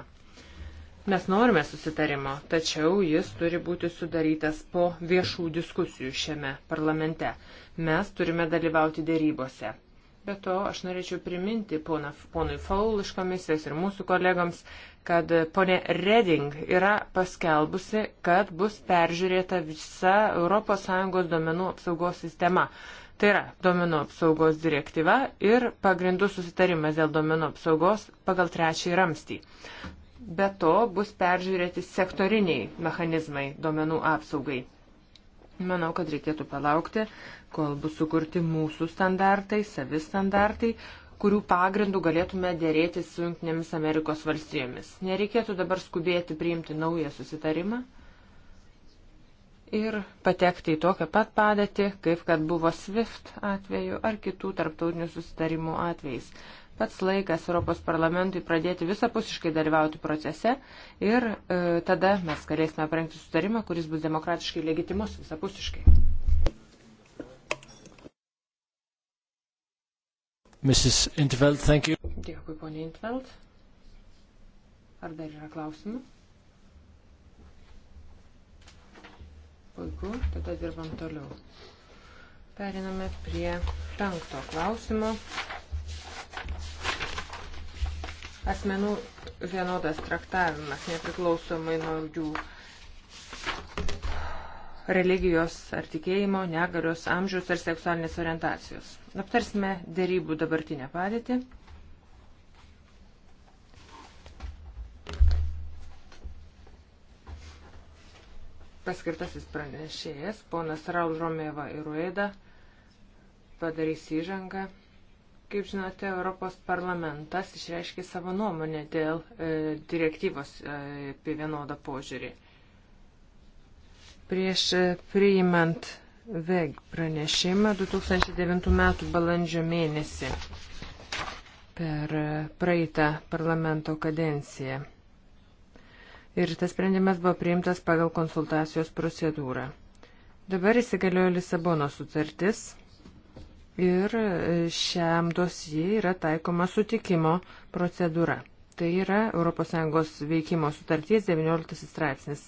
Mes norime susitarimo, tačiau jis turi būti sudarytas po viešų diskusijų šiame parlamente. Mes turime dalyvauti dėrybose. Be to, aš norėčiau priminti pona, ponui Faul iš komisijos ir mūsų kolegams, kad e, ponė Reding yra paskelbusi, kad bus peržiūrėta visa ES duomenų apsaugos sistema. Tai yra duomenų apsaugos direktyva ir pagrindų susitarimas dėl duomenų apsaugos pagal trečiąjį ramstį. Be to bus peržiūrėti sektoriniai mechanizmai duomenų apsaugai. Manau, kad reikėtų palaukti, kol bus sukurti mūsų standartai, savi standartai, kurių pagrindų galėtume dėrėti su Junktinėmis Amerikos valstijomis. Nereikėtų dabar skubėti priimti naują susitarimą ir patekti į tokią pat padėtį, kaip kad buvo SWIFT atveju ar kitų tarptautinių susitarimų atvejais pats laikas Europos parlamentui pradėti visapusiškai dalyvauti procese ir e, tada mes galėsime aprengti sutarimą, kuris bus demokratiškai legitimus visapusiškai. Mrs. Intveld, thank you. Dėkui, ponė Intveld. Ar dar yra klausimų? Puiku, tada dirbam toliau. Periname prie penkto klausimo. Asmenų vienodas traktavimas, nepriklausomai nuo jų religijos ar tikėjimo, negarios, amžiaus ar seksualinės orientacijos. Aptarsime dėrybų dabartinę padėtį. Paskirtasis pranešėjas, ponas Raul Romėva ir Rueda, padarys įžangą. Kaip žinote, Europos parlamentas išreiškė savo nuomonę dėl e, direktyvos e, apie vienodą požiūrį. Prieš e, priimant VEG pranešimą 2009 m. balandžio mėnesį per e, praeitą parlamento kadenciją. Ir tas sprendimas buvo priimtas pagal konsultacijos procedūrą. Dabar įsigaliojo Lisabono sutartis ir e, šiam dosijai yra taikoma sutikimo procedūra. Tai yra ES veikimo sutarties 19 straipsnis.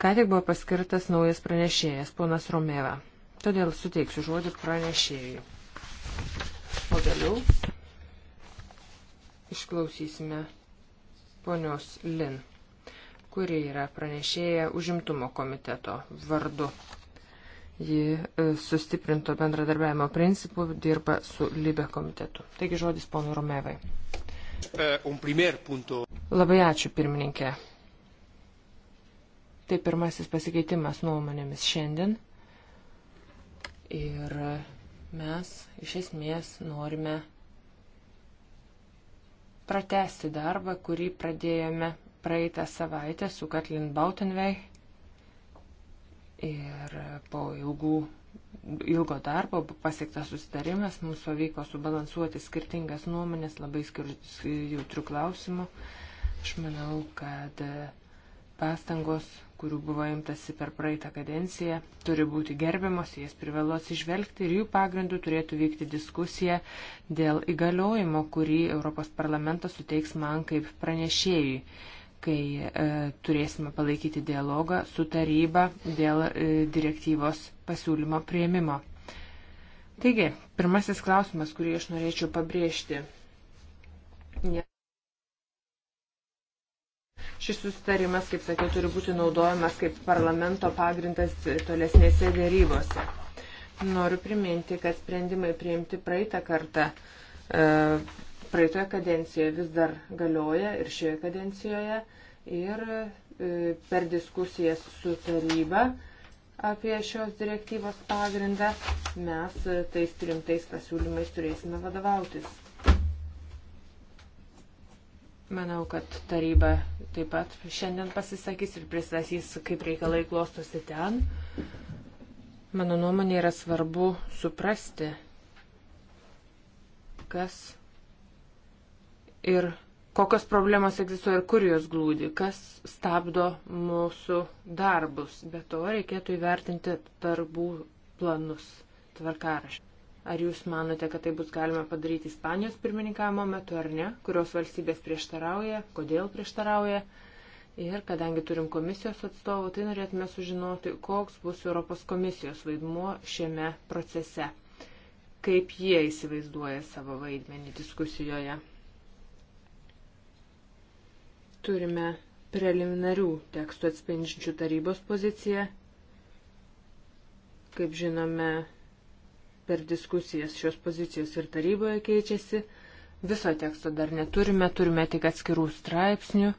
Ką tik buvo paskirtas naujas pranešėjas, ponas Romeva. Todėl suteiksiu žodį pranešėjui. O vėliau išklausysime ponios Lin, kuri yra pranešėja užimtumo komiteto vardu ji e, sustiprinto bendradarbiavimo principų dirba su Libe komitetu. Taigi žodis ponui Romevai. E, Labai ačiū pirmininkė. Tai pirmasis pasikeitimas nuomonėmis šiandien. Ir mes iš esmės norime pratesti darbą, kurį pradėjome praeitą savaitę su Katlin Bautenvei Ir po ilgų, ilgo darbo pasiektas susitarimas mums pavyko subalansuoti skirtingas nuomonės labai skir, jautrių klausimų. Aš manau, kad pastangos, kurių buvo imtasi per praeitą kadenciją, turi būti gerbiamos, jas privalo atsižvelgti ir jų pagrindų turėtų vykti diskusija dėl įgaliojimo, kurį Europos parlamentas suteiks man kaip pranešėjui kai e, turėsime palaikyti dialogą su taryba dėl e, direktyvos pasiūlymo prieimimo. Taigi, pirmasis klausimas, kurį aš norėčiau pabrėžti. Šis sustarimas, kaip sakiau, turi būti naudojamas kaip parlamento pagrindas tolesnėse dėrybose. Noriu priminti, kad sprendimai priimti praeitą kartą e, praeitoje kadencijoje vis dar galioja ir šioje kadencijoje. Ir e, per diskusijas su taryba apie šios direktyvos pagrindą mes e, tais rimtais pasiūlymais turėsime vadovautis. Manau, kad taryba taip pat šiandien pasisakys ir pristatys, kaip reikalai klostosi ten. Mano nuomonė yra svarbu suprasti, kas ir kokios problemos egzistuoja ir kur jos glūdi, kas stabdo mūsų darbus. Be to reikėtų įvertinti darbų planus, tvarkaraštį. Ar jūs manote, kad tai bus galima padaryti Ispanijos pirmininkavimo metu ar ne, kurios valstybės prieštarauja, kodėl prieštarauja? Ir kadangi turim komisijos atstovų, tai norėtume sužinoti, koks bus Europos komisijos vaidmuo šiame procese, kaip jie įsivaizduoja savo vaidmenį diskusijoje. Turime preliminarių tekstų atspindžiančių tarybos poziciją. Kaip žinome, per diskusijas šios pozicijos ir taryboje keičiasi. Viso teksto dar neturime, turime tik atskirų straipsnių.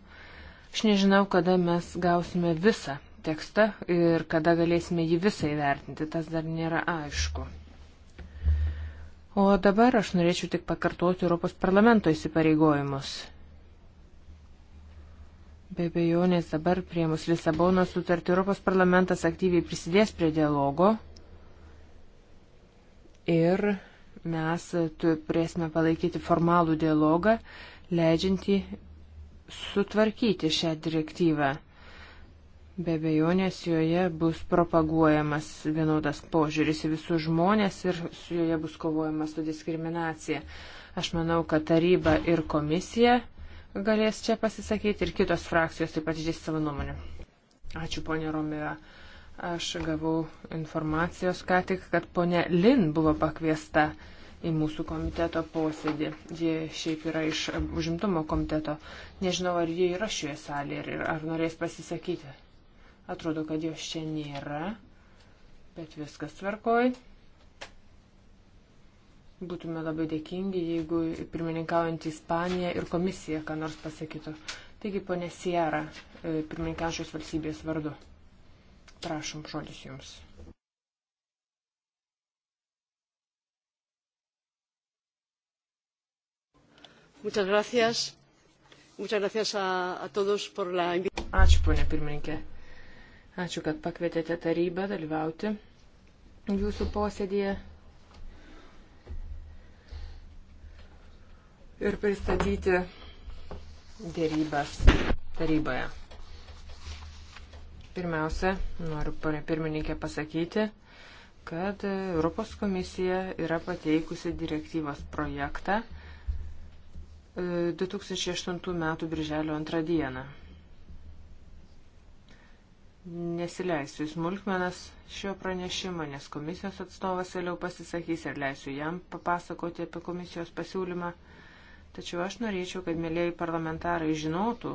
Aš nežinau, kada mes gausime visą tekstą ir kada galėsime jį visą įvertinti, tas dar nėra aišku. O dabar aš norėčiau tik pakartoti Europos parlamento įsipareigojimus Be bejonės dabar prie mus Lisabonos sutartį Europos parlamentas aktyviai prisidės prie dialogo ir mes turėsime palaikyti formalų dialogą, leidžiantį sutvarkyti šią direktyvą. Be bejonės joje bus propaguojamas vienodas požiūris į visus žmonės ir su joje bus kovojama su diskriminacija. Aš manau, kad taryba ir komisija galės čia pasisakyti ir kitos frakcijos taip pat išdės savo nuomonę. Ačiū, ponė Romėra. Aš gavau informacijos ką tik, kad ponė Lin buvo pakviesta į mūsų komiteto posėdį. Ji šiaip yra iš užimtumo komiteto. Nežinau, ar ji yra šioje salėje ir ar norės pasisakyti. Atrodo, kad jos čia nėra, bet viskas tvarkoj. Būtume labai dėkingi, jeigu pirmininkaujant Ispaniją ir komisija ką nors pasakytų. Taigi, ponė Sierra, e, pirmininkančios valstybės vardu. Prašom, žodis jums. Muchas gracias. Muchas gracias a, a todos por la Ačiū, ponė pirmininkė. Ačiū, kad pakvietėte tarybą dalyvauti jūsų posėdėje. ir pristatyti dėrybas taryboje. Pirmiausia, noriu pirmininkė pasakyti, kad Europos komisija yra pateikusi direktyvos projektą 2008 e, m. birželio 2 d. Nesileisiu į smulkmenas šio pranešimo, nes komisijos atstovas vėliau pasisakys ir leisiu jam papasakoti apie komisijos pasiūlymą. Tačiau aš norėčiau, kad mėlyi parlamentarai žinotų,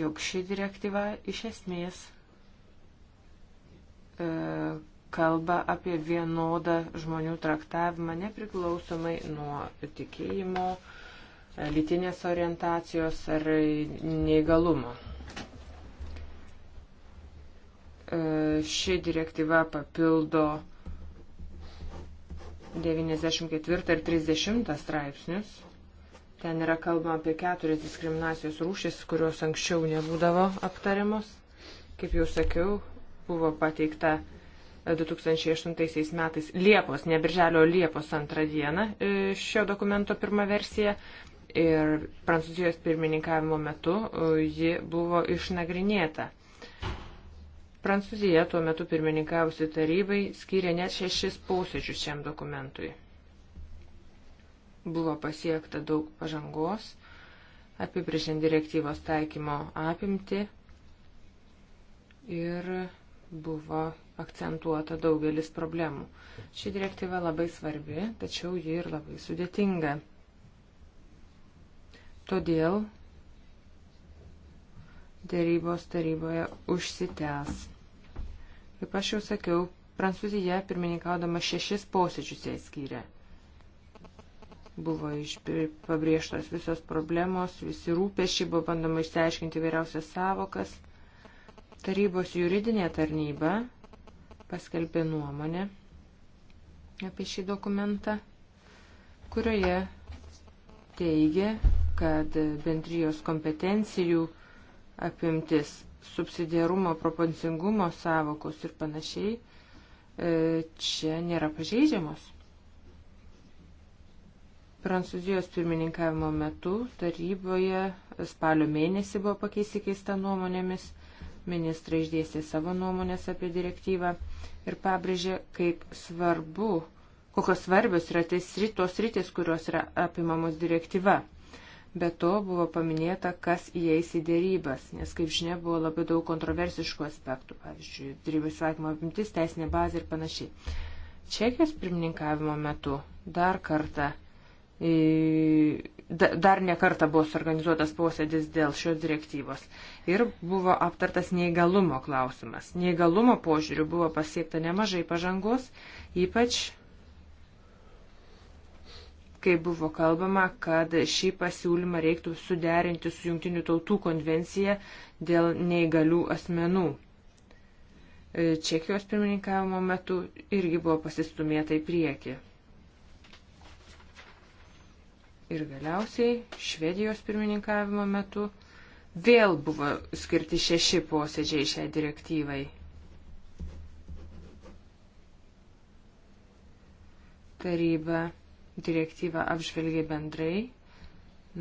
jog ši direktyva iš esmės e, kalba apie vienodą žmonių traktavimą nepriklausomai nuo tikėjimo, e, lytinės orientacijos ar neįgalumo. E, ši direktyva papildo 94 ir 30 straipsnius Ten yra kalbama apie keturias diskriminacijos rūšis, kurios anksčiau nebūdavo aptariamos. Kaip jau sakiau, buvo pateikta 2008 e, metais Liepos, ne Birželio Liepos antrą dieną e, šio dokumento pirmą versiją. Ir Prancūzijos pirmininkavimo metu e, ji buvo išnagrinėta. Prancūzija tuo metu pirmininkavusi tarybai skyrė net šešis posėdžius šiam dokumentui. Buvo pasiekta daug pažangos, apibriešint direktyvos taikymo apimti ir buvo akcentuota daugelis problemų. Ši direktyva labai svarbi, tačiau ji ir labai sudėtinga. Todėl dėrybos taryboje užsitęs. Kaip aš jau sakiau, Prancūzija pirmininkaudama šešis posėdžius jai skyrė. Buvo pabrėžtos visos problemos, visi rūpešiai, buvo bandoma išsiaiškinti vairiausias savokas. Tarybos juridinė tarnyba paskelbė nuomonę apie šį dokumentą, kurioje teigia, kad bendrijos kompetencijų apimtis subsidiarumo, proporcingumo savokos ir panašiai e, čia nėra pažeidžiamos. Prancūzijos pirmininkavimo metu taryboje spalio mėnesį buvo pakeisti keista nuomonėmis. Ministrai išdėstė savo nuomonės apie direktyvą ir pabrėžė, kaip svarbu, kokios svarbios yra tos rytis, kurios yra apimamos direktyva. Be to buvo paminėta, kas įeis į dėrybas, nes, kaip žinia, buvo labai daug kontroversiškų aspektų, pavyzdžiui, dėrybų sveikymo apimtis, teisinė bazė ir panašiai. Čekijos pirmininkavimo metu dar kartą dar nekarta buvo suorganizuotas posėdis dėl šios direktyvos ir buvo aptartas neįgalumo klausimas. Neįgalumo požiūriu buvo pasiekta nemažai pažangos, ypač kai buvo kalbama, kad šį pasiūlymą reiktų suderinti su Junktinių tautų konvencija dėl neįgalių asmenų. E, Čekijos pirmininkavimo metu irgi buvo pasistumėta į priekį ir galiausiai Švedijos pirmininkavimo metu vėl buvo skirti šeši posėdžiai šiai direktyvai. Taryba direktyvą apžvelgė bendrai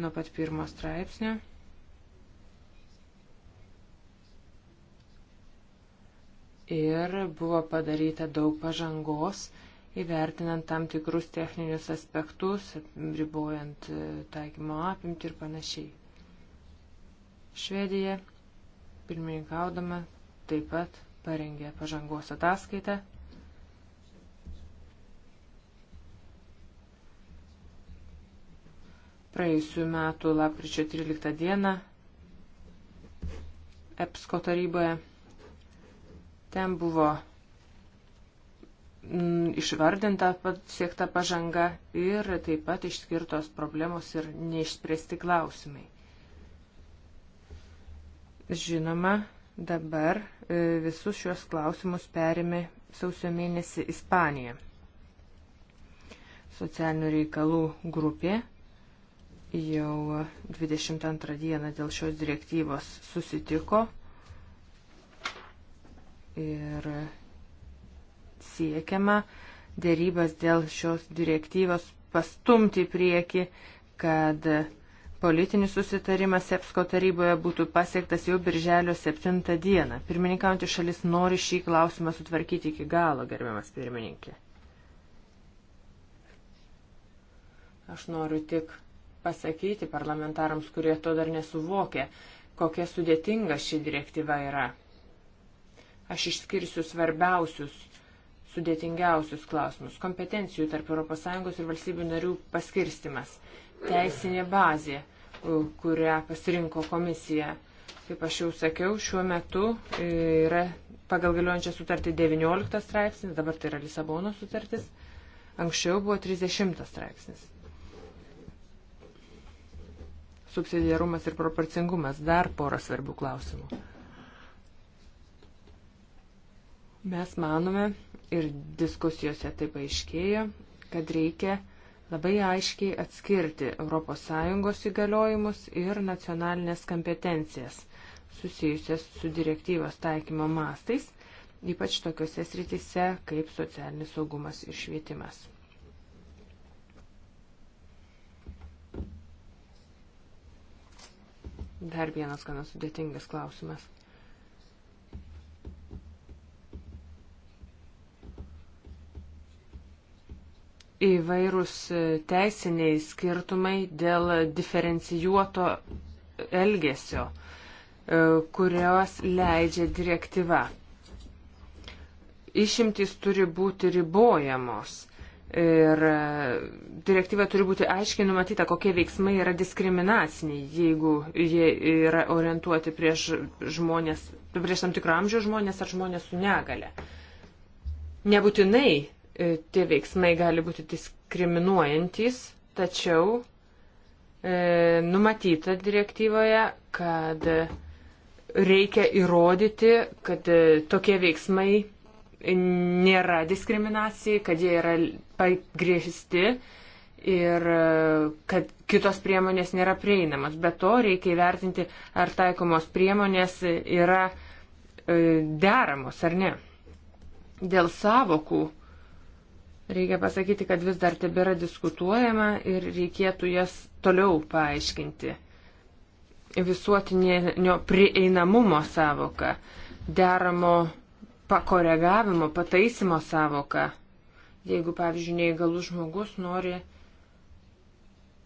nuo pat pirmo straipsnio. Ir buvo padaryta daug pažangos įvertinant tam tikrus techninius aspektus, ribojant e, taikymo apimti ir panašiai. Švedija, pirmininkaudama, taip pat parengė pažangos ataskaitą. Praėjusiu metu lapkričio 13 dieną EPSCO taryboje ten buvo Mm, išvardinta siekta pažanga ir taip pat išskirtos problemos ir neišspręsti klausimai. Žinoma, dabar e, visus šios klausimus perėmė sausio mėnesį Ispanija. Socialinių reikalų grupė jau 22 dieną dėl šios direktyvos susitiko ir siekiama dėrybas dėl šios direktyvos pastumti į priekį, kad politinis susitarimas EPSCO taryboje būtų pasiektas jau birželio 7 dieną. Pirmininkaujantį šalis nori šį klausimą sutvarkyti iki galo, gerbiamas pirmininkė. Aš noriu tik pasakyti parlamentarams, kurie to dar nesuvokė, kokia sudėtinga ši direktyva yra. Aš išskirsiu svarbiausius sudėtingiausius klausimus - kompetencijų tarp ES ir valstybių narių paskirstimas, teisinė bazė, kurią pasirinko komisija. Kaip aš jau sakiau, šiuo metu e, yra pagal galiojančią sutartį 19 straipsnis, dabar tai yra Lisabono sutartis, anksčiau buvo 30 straipsnis. Subsidiarumas ir proporcingumas - dar porą svarbių klausimų. Mes manome ir diskusijose taip aiškėjo, kad reikia labai aiškiai atskirti ES įgaliojimus ir nacionalinės kompetencijas susijusias su direktyvos taikymo mastais, ypač tokiuose srityse kaip socialinis saugumas ir švietimas. Dar vienas gana sudėtingas klausimas. įvairūs e, teisiniai skirtumai dėl diferencijuoto elgesio, e, kurios leidžia direktyva. Išimtys turi būti ribojamos ir e, direktyva turi būti aiškiai numatyta, kokie veiksmai yra diskriminaciniai, jeigu jie yra orientuoti prieš žmonės, prieš tam tikrą amžių žmonės ar žmonės su negale. Nebūtinai E, tie veiksmai gali būti diskriminuojantis, tačiau e, numatyta direktyvoje, kad reikia įrodyti, kad e, tokie veiksmai nėra diskriminacijai, kad jie yra pagrėžisti ir e, kad kitos priemonės nėra prieinamos. Be to reikia įvertinti, ar taikomos priemonės yra e, deramos ar ne. Dėl savokų Reikia pasakyti, kad vis dar tebėra diskutuojama ir reikėtų jas toliau paaiškinti. Visuotinio prieinamumo savoka, deramo pakoregavimo, pataisimo savoka. Jeigu, pavyzdžiui, neįgalus žmogus nori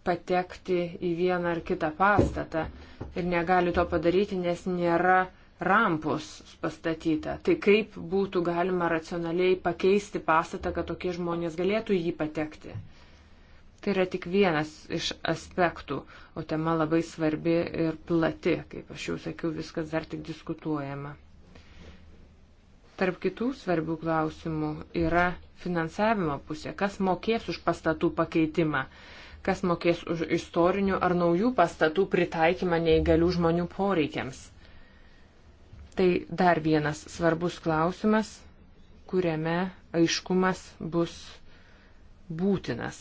patekti į vieną ar kitą pastatą ir negali to padaryti, nes nėra uh, rampos pastatyta. Tai kaip būtų galima racionaliai pakeisti pastatą, kad tokie žmonės galėtų jį patekti. Tai yra tik vienas iš aspektų, o tema labai svarbi ir plati, kaip aš jau sakiau, viskas dar tik diskutuojama. Tarp kitų svarbių klausimų yra finansavimo pusė, kas mokės už pastatų pakeitimą, kas mokės už istorinių ar naujų pastatų pritaikymą neįgalių žmonių poreikiams. Tai dar vienas svarbus klausimas, kuriame aiškumas bus būtinas.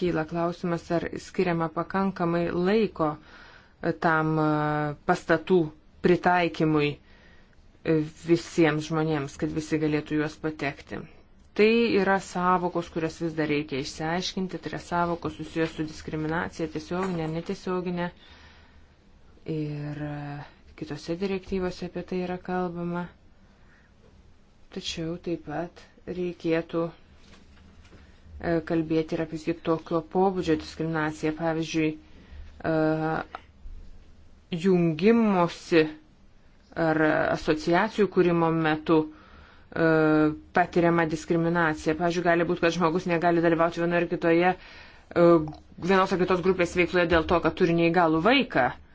Kyla klausimas, ar skiriama pakankamai laiko tam e, pastatų pritaikymui e, visiems žmonėms, kad visi galėtų juos patekti. Tai yra savokos, kurias vis dar reikia išsiaiškinti, tai yra savokos susijęs su diskriminacija tiesioginė, netiesioginė. netiesioginė ir e, kitose direktyvose apie tai yra kalbama. Tačiau taip pat reikėtų e, kalbėti ir apie kitokio pobūdžio diskriminaciją, pavyzdžiui, e, jungimosi ar asociacijų kūrimo metu patiriama diskriminacija. Pavyzdžiui, gali būti, kad žmogus negali dalyvauti vienoje ar kitoje vienos ar kitos grupės veikloje dėl to, kad turi neįgalų vaiką. Uh,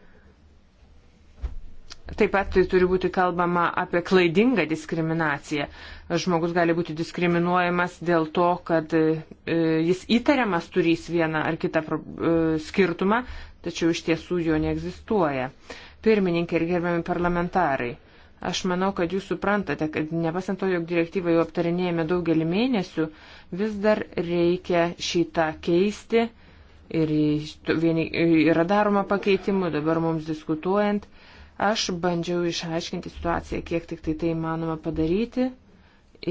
Taip pat tai turi būti kalbama apie klaidingą diskriminaciją. Žmogus gali būti diskriminuojamas dėl to, kad e, jis įtariamas turys vieną ar kitą e, skirtumą, tačiau iš tiesų jo neegzistuoja. Pirmininkė ir gerbiami parlamentarai. Aš manau, kad jūs suprantate, kad nepasant to, jog direktyvą jau aptarinėjame daugelį mėnesių, vis dar reikia šitą keisti ir vieni, yra daroma pakeitimų dabar mums diskutuojant Aš bandžiau išaiškinti situaciją, kiek tik tai tai manoma padaryti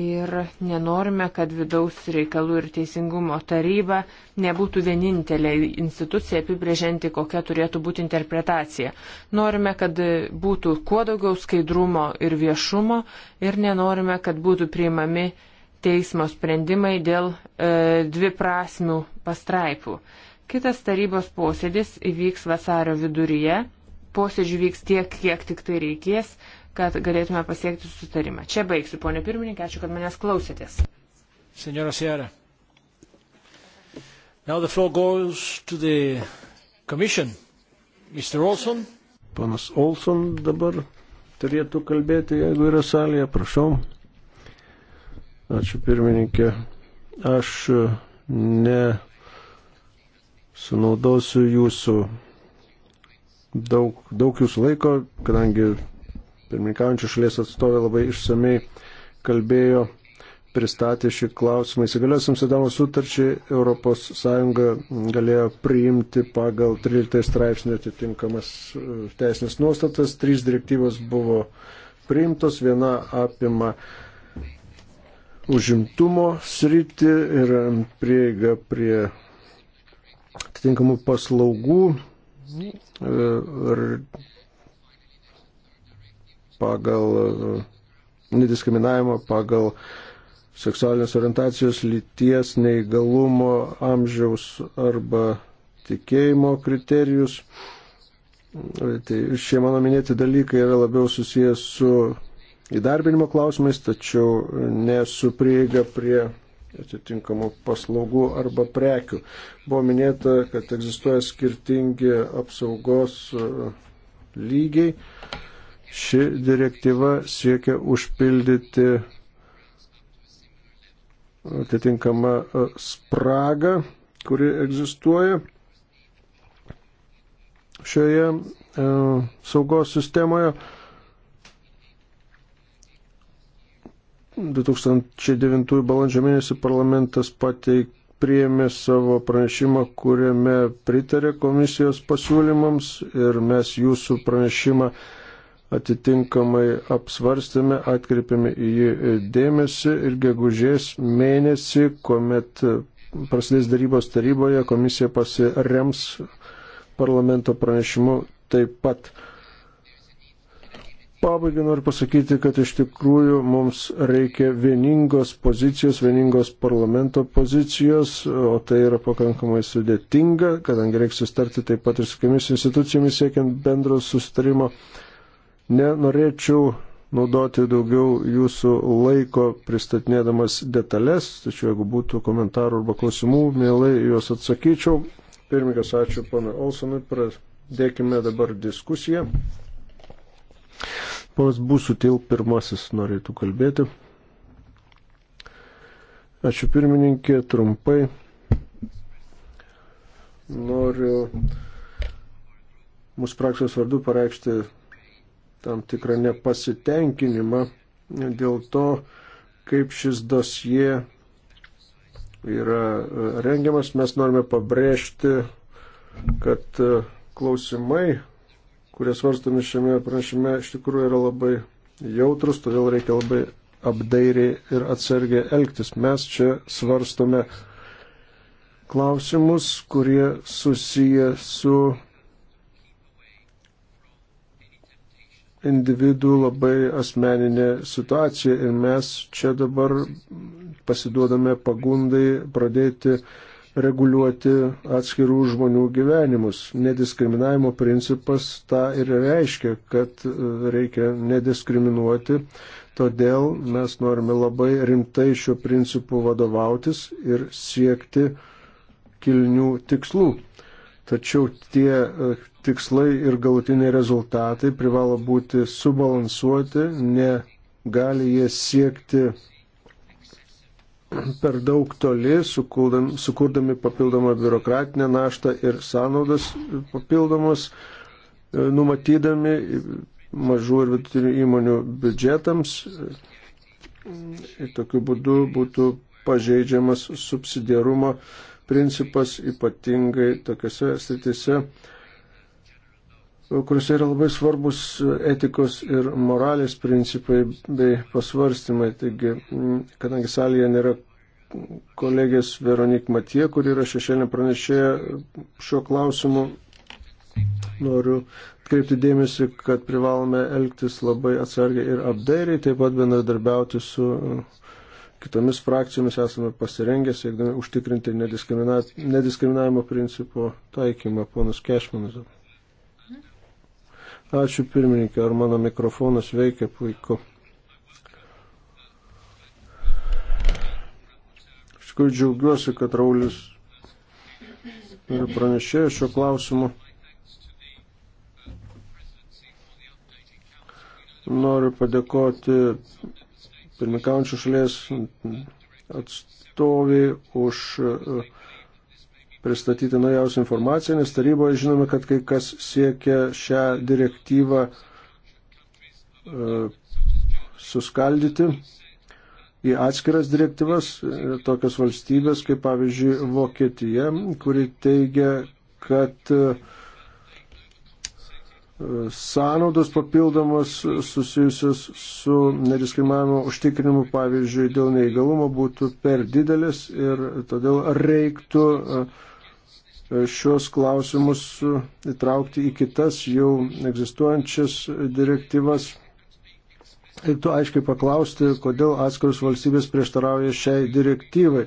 ir nenorime, kad vidaus reikalų ir teisingumo taryba nebūtų vienintelė institucija apibrėžianti, kokia turėtų būti interpretacija. Norime, kad būtų kuo daugiau skaidrumo ir viešumo ir nenorime, kad būtų priimami teismo sprendimai dėl e, dviprasmių pastraipų. Kitas tarybos posėdis įvyks vasario viduryje posėdžių vyks tiek, kiek tik tai reikės, kad galėtume pasiekti sutarimą. Čia baigsiu, ponė pirmininkė, ačiū, kad manęs klausėtės. Senora Sierra. Now the floor goes to the commission. Mr. Olson. Panas Olson dabar turėtų kalbėti, jeigu yra salėje, prašau. Ačiū pirmininkė. Aš e, ne sunaudosiu jūsų daug, daug jūsų laiko, kadangi pirmininkaujančių šalies atstovė labai išsamei kalbėjo, pristatė šį klausimą. Įsigaliosiam Sadamo sutarčiai ES galėjo priimti pagal 13 straipsnį atitinkamas uh, teisinės nuostatas. Trys direktyvos buvo priimtos, viena apima užimtumo sritį ir prieiga prie atitinkamų paslaugų pagal e, nediskriminavimo, pagal seksualinės orientacijos, lyties, neįgalumo, amžiaus arba tikėjimo kriterijus. E, tai šie mano minėti dalykai yra labiau susijęs su įdarbinimo klausimais, tačiau nesu prieiga prie atitinkamų paslaugų arba prekių. Buvo minėta, kad egzistuoja skirtingi apsaugos e, lygiai. Ši direktyva siekia užpildyti atitinkamą e, spragą, kuri egzistuoja šioje e, saugos sistemoje. 2009 balandžio mėnesį parlamentas pateik, priėmė savo pranešimą, kuriame pritarė komisijos pasiūlymams ir mes jūsų pranešimą atitinkamai apsvarstėme, atkreipėme į jį dėmesį ir gegužės mėnesį, kuomet prasidės darybos taryboje, komisija pasirems parlamento pranešimu taip pat. Pabaigai noriu pasakyti, kad iš tikrųjų mums reikia vieningos pozicijos, vieningos parlamento pozicijos, o tai yra pakankamai sudėtinga, kadangi reikia sustarti taip pat ir su kitomis institucijomis siekiant bendro sustarimo. Nenorėčiau naudoti daugiau jūsų laiko pristatinėdamas detalės, tačiau jeigu būtų komentarų arba klausimų, mielai juos atsakyčiau. Pirmininkas, ačiū pana Olsonui, pradėkime dabar diskusiją. Ponas Busutil pirmasis norėtų kalbėti. Ačiū pirmininkė, trumpai. Noriu mūsų frakcijos vardu pareikšti tam tikrą nepasitenkinimą dėl to, kaip šis dosie yra rengiamas. Mes norime pabrėžti, kad klausimai kurie svarstami šiame pranešime, iš tikrųjų yra labai jautrus, todėl reikia labai apdairiai ir atsargiai elgtis. Mes čia svarstome klausimus, kurie susiję su individų labai asmeninė situacija ir mes čia dabar pasiduodame pagundai pradėti uh, reguliuoti atskirų žmonių gyvenimus. Nediskriminavimo principas tą ir reiškia, kad e, reikia nediskriminuoti. Todėl mes norime labai rimtai šiuo principu vadovautis ir siekti kilnių tikslų. Tačiau tie e, tikslai ir galutiniai rezultatai privalo būti subalansuoti, negali jie siekti per daug toli, sukurdami papildomą biurokratinę naštą ir sąnaudas papildomus, e, numatydami mažų ir vidutinių įmonių biudžetams. Ir e, tokiu būdu būtų pažeidžiamas subsidiarumo principas ypatingai tokiuose statise, kuriuose yra labai svarbus etikos ir moralės principai bei pasvarstymai. Taigi, kadangi salėje nėra kolegės Veronik Matie, kuri yra šešėlinė pranešėja šiuo klausimu, noriu atkreipti dėmesį, kad privalome elgtis labai atsargiai ir apdairiai, taip pat bendradarbiauti su kitomis frakcijomis esame pasirengę, siekdami užtikrinti nediskriminavimo principo taikymą. Ponas Kešmanas. Ačiū pirmininkė, ar mano mikrofonas veikia puiku. Iš tikrųjų džiaugiuosi, kad Raulis yra pranešėjęs šio klausimu. Noriu padėkoti pirmikaujančių šalies atstoviai už uh, pristatyti naujausią informaciją, nes taryboje žinome, kad kai kas siekia šią direktyvą e, suskaldyti į atskiras direktyvas, e, tokias valstybės kaip pavyzdžiui Vokietija, kuri teigia, kad e, sąnaudos papildomos susijusios su nediskriminavimo užtikrinimu, pavyzdžiui, dėl neįgalumo būtų per didelis ir todėl reiktų uh, šios klausimus įtraukti į kitas jau egzistuojančias direktyvas. Reiktų aiškiai paklausti, kodėl atskiros valstybės prieštarauja šiai direktyvai.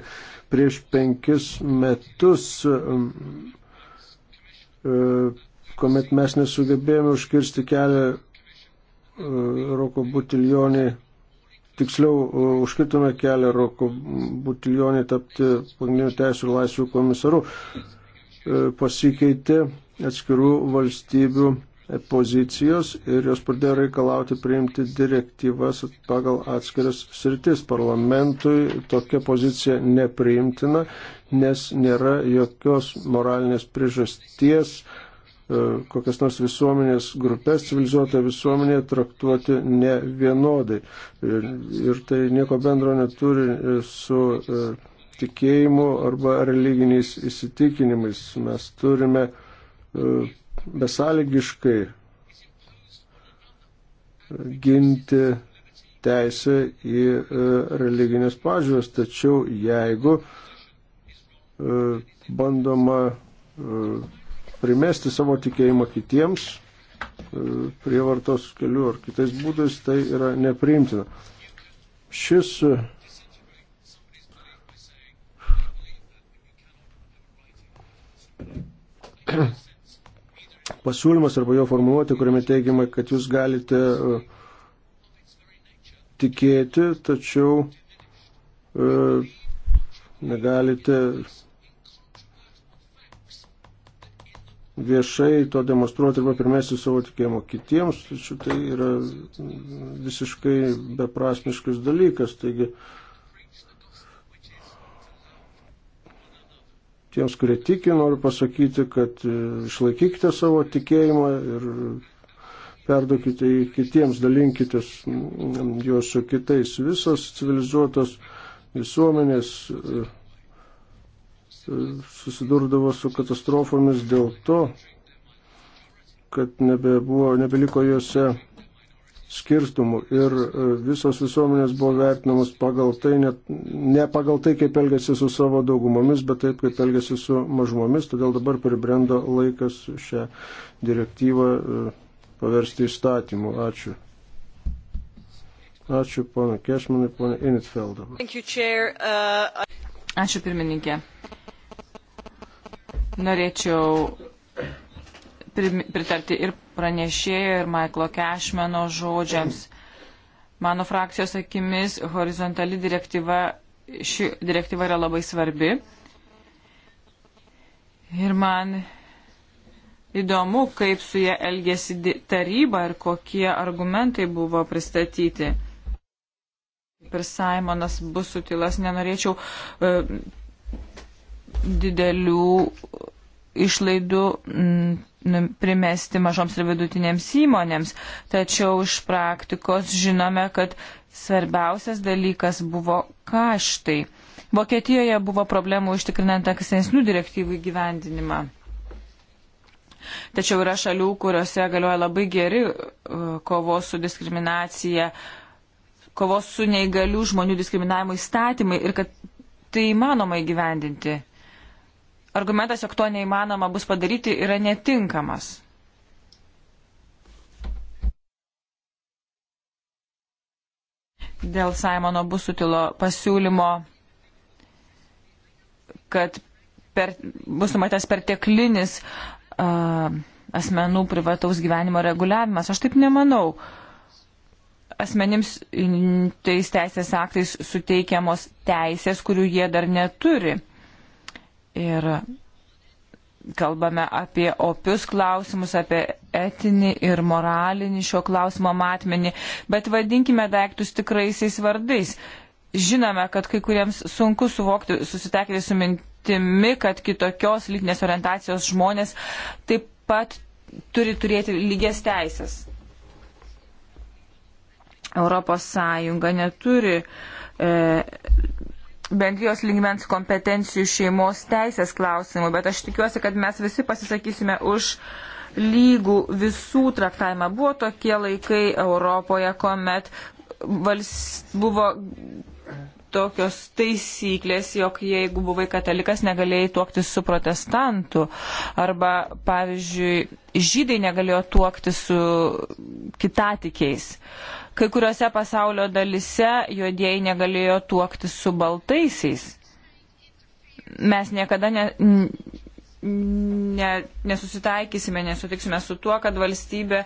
Prieš penkis metus, e, kuomet mes nesugebėjome užkirsti kelią e, Roko Butiljonį tiksliau e, užkirtume kelią Roko Butiljonį tapti pagrindinių teisų ir laisvių komisaru. E, pasikeitė atskirų valstybių pozicijos ir jos pradėjo reikalauti priimti direktyvas pagal atskiras sritis. Parlamentui tokia pozicija nepriimtina, nes nėra jokios moralinės priežasties e, kokias nors visuomenės grupės civilizuotą visuomenę traktuoti ne vienodai. Ir, ir tai nieko bendro neturi e, su tikėjimu arba religiniais įsitikinimais. Mes turime e, besąlygiškai ginti teisę į e, religinės pažiūros, tačiau jeigu e, bandoma primesti savo tikėjimą kitiems prievartos keliu ar kitais būdais, tai yra nepriimtina. Šis pasiūlymas arba jo formuluoti, kuriame teigiama, kad jūs galite e, tikėti, tačiau e, negalite viešai to demonstruoti arba primesti savo tikėjimo kitiems, tačiau tai yra visiškai beprasmiškas dalykas. Taigi, uh, Tiems, kurie tiki, noriu pasakyti, kad e, išlaikykite savo tikėjimą ir perduokite jį kitiems, dalinkitės juos su kitais. Visos civilizuotos visuomenės e, susidurdavo su katastrofomis dėl to, kad nebebuvo, nebeliko juose skirtumų ir e, visos visuomenės buvo vertinamos pagal tai, net, ne pagal tai, kaip elgesi su savo daugumomis, bet taip, kaip elgesi su mažumomis. Todėl dabar pribrendo laikas šią direktyvą e, paversti įstatymu. Ačiū. Ačiū, pana Kešmanai, pana Initfeldą. Uh, Ačiū, pirmininkė. Norėčiau pritarti ir pranešėjo, ir Maiklo Kešmeno žodžiams. Mano frakcijos akimis horizontali direktyva, ši direktyva yra labai svarbi. Ir man įdomu, kaip su jie elgėsi taryba ir kokie argumentai buvo pristatyti. Kaip ir Simonas Busutilas, nenorėčiau e, didelių išlaidų mm, primesti mažoms ir vidutinėms įmonėms. Tačiau iš praktikos žinome, kad svarbiausias dalykas buvo kaštai. Vokietijoje buvo problemų užtikrinant ankstesnių direktyvų įgyvendinimą. Tačiau yra šalių, kuriuose galioja labai geri e, kovos su diskriminacija, kovos su neįgalių žmonių diskriminavimo įstatymai ir kad tai įmanoma įgyvendinti argumentas, jog to neįmanoma bus padaryti, yra netinkamas. Dėl Simono Busutilo pasiūlymo, kad per, bus numatęs perteklinis uh, asmenų privataus gyvenimo reguliavimas. Aš taip nemanau. Asmenims tais teisės aktais suteikiamos teisės, kurių jie dar neturi. Ir kalbame apie opius klausimus, apie etinį ir moralinį šio klausimo matmenį, bet vadinkime daiktus tikraisiais vardais. Žinome, kad kai kuriems sunku suvokti, susitekti su mintimi, kad kitokios lytinės orientacijos žmonės taip pat turi turėti lygias teisės. Europos Sąjunga neturi e, bendrijos lygmens kompetencijų šeimos teisės klausimų, bet aš tikiuosi, kad mes visi pasisakysime už lygų visų traktavimą. Buvo tokie laikai Europoje, kuomet vals, buvo tokios taisyklės, jog jeigu buvai katalikas, negalėjai tuoktis su protestantu. Arba, pavyzdžiui, žydai negalėjo tuoktis su kitatikiais. Kai kuriuose pasaulio dalise juodieji negalėjo tuoktis su baltaisiais. Mes niekada ne, ne, nesusitaikysime, nesutiksime su tuo, kad valstybė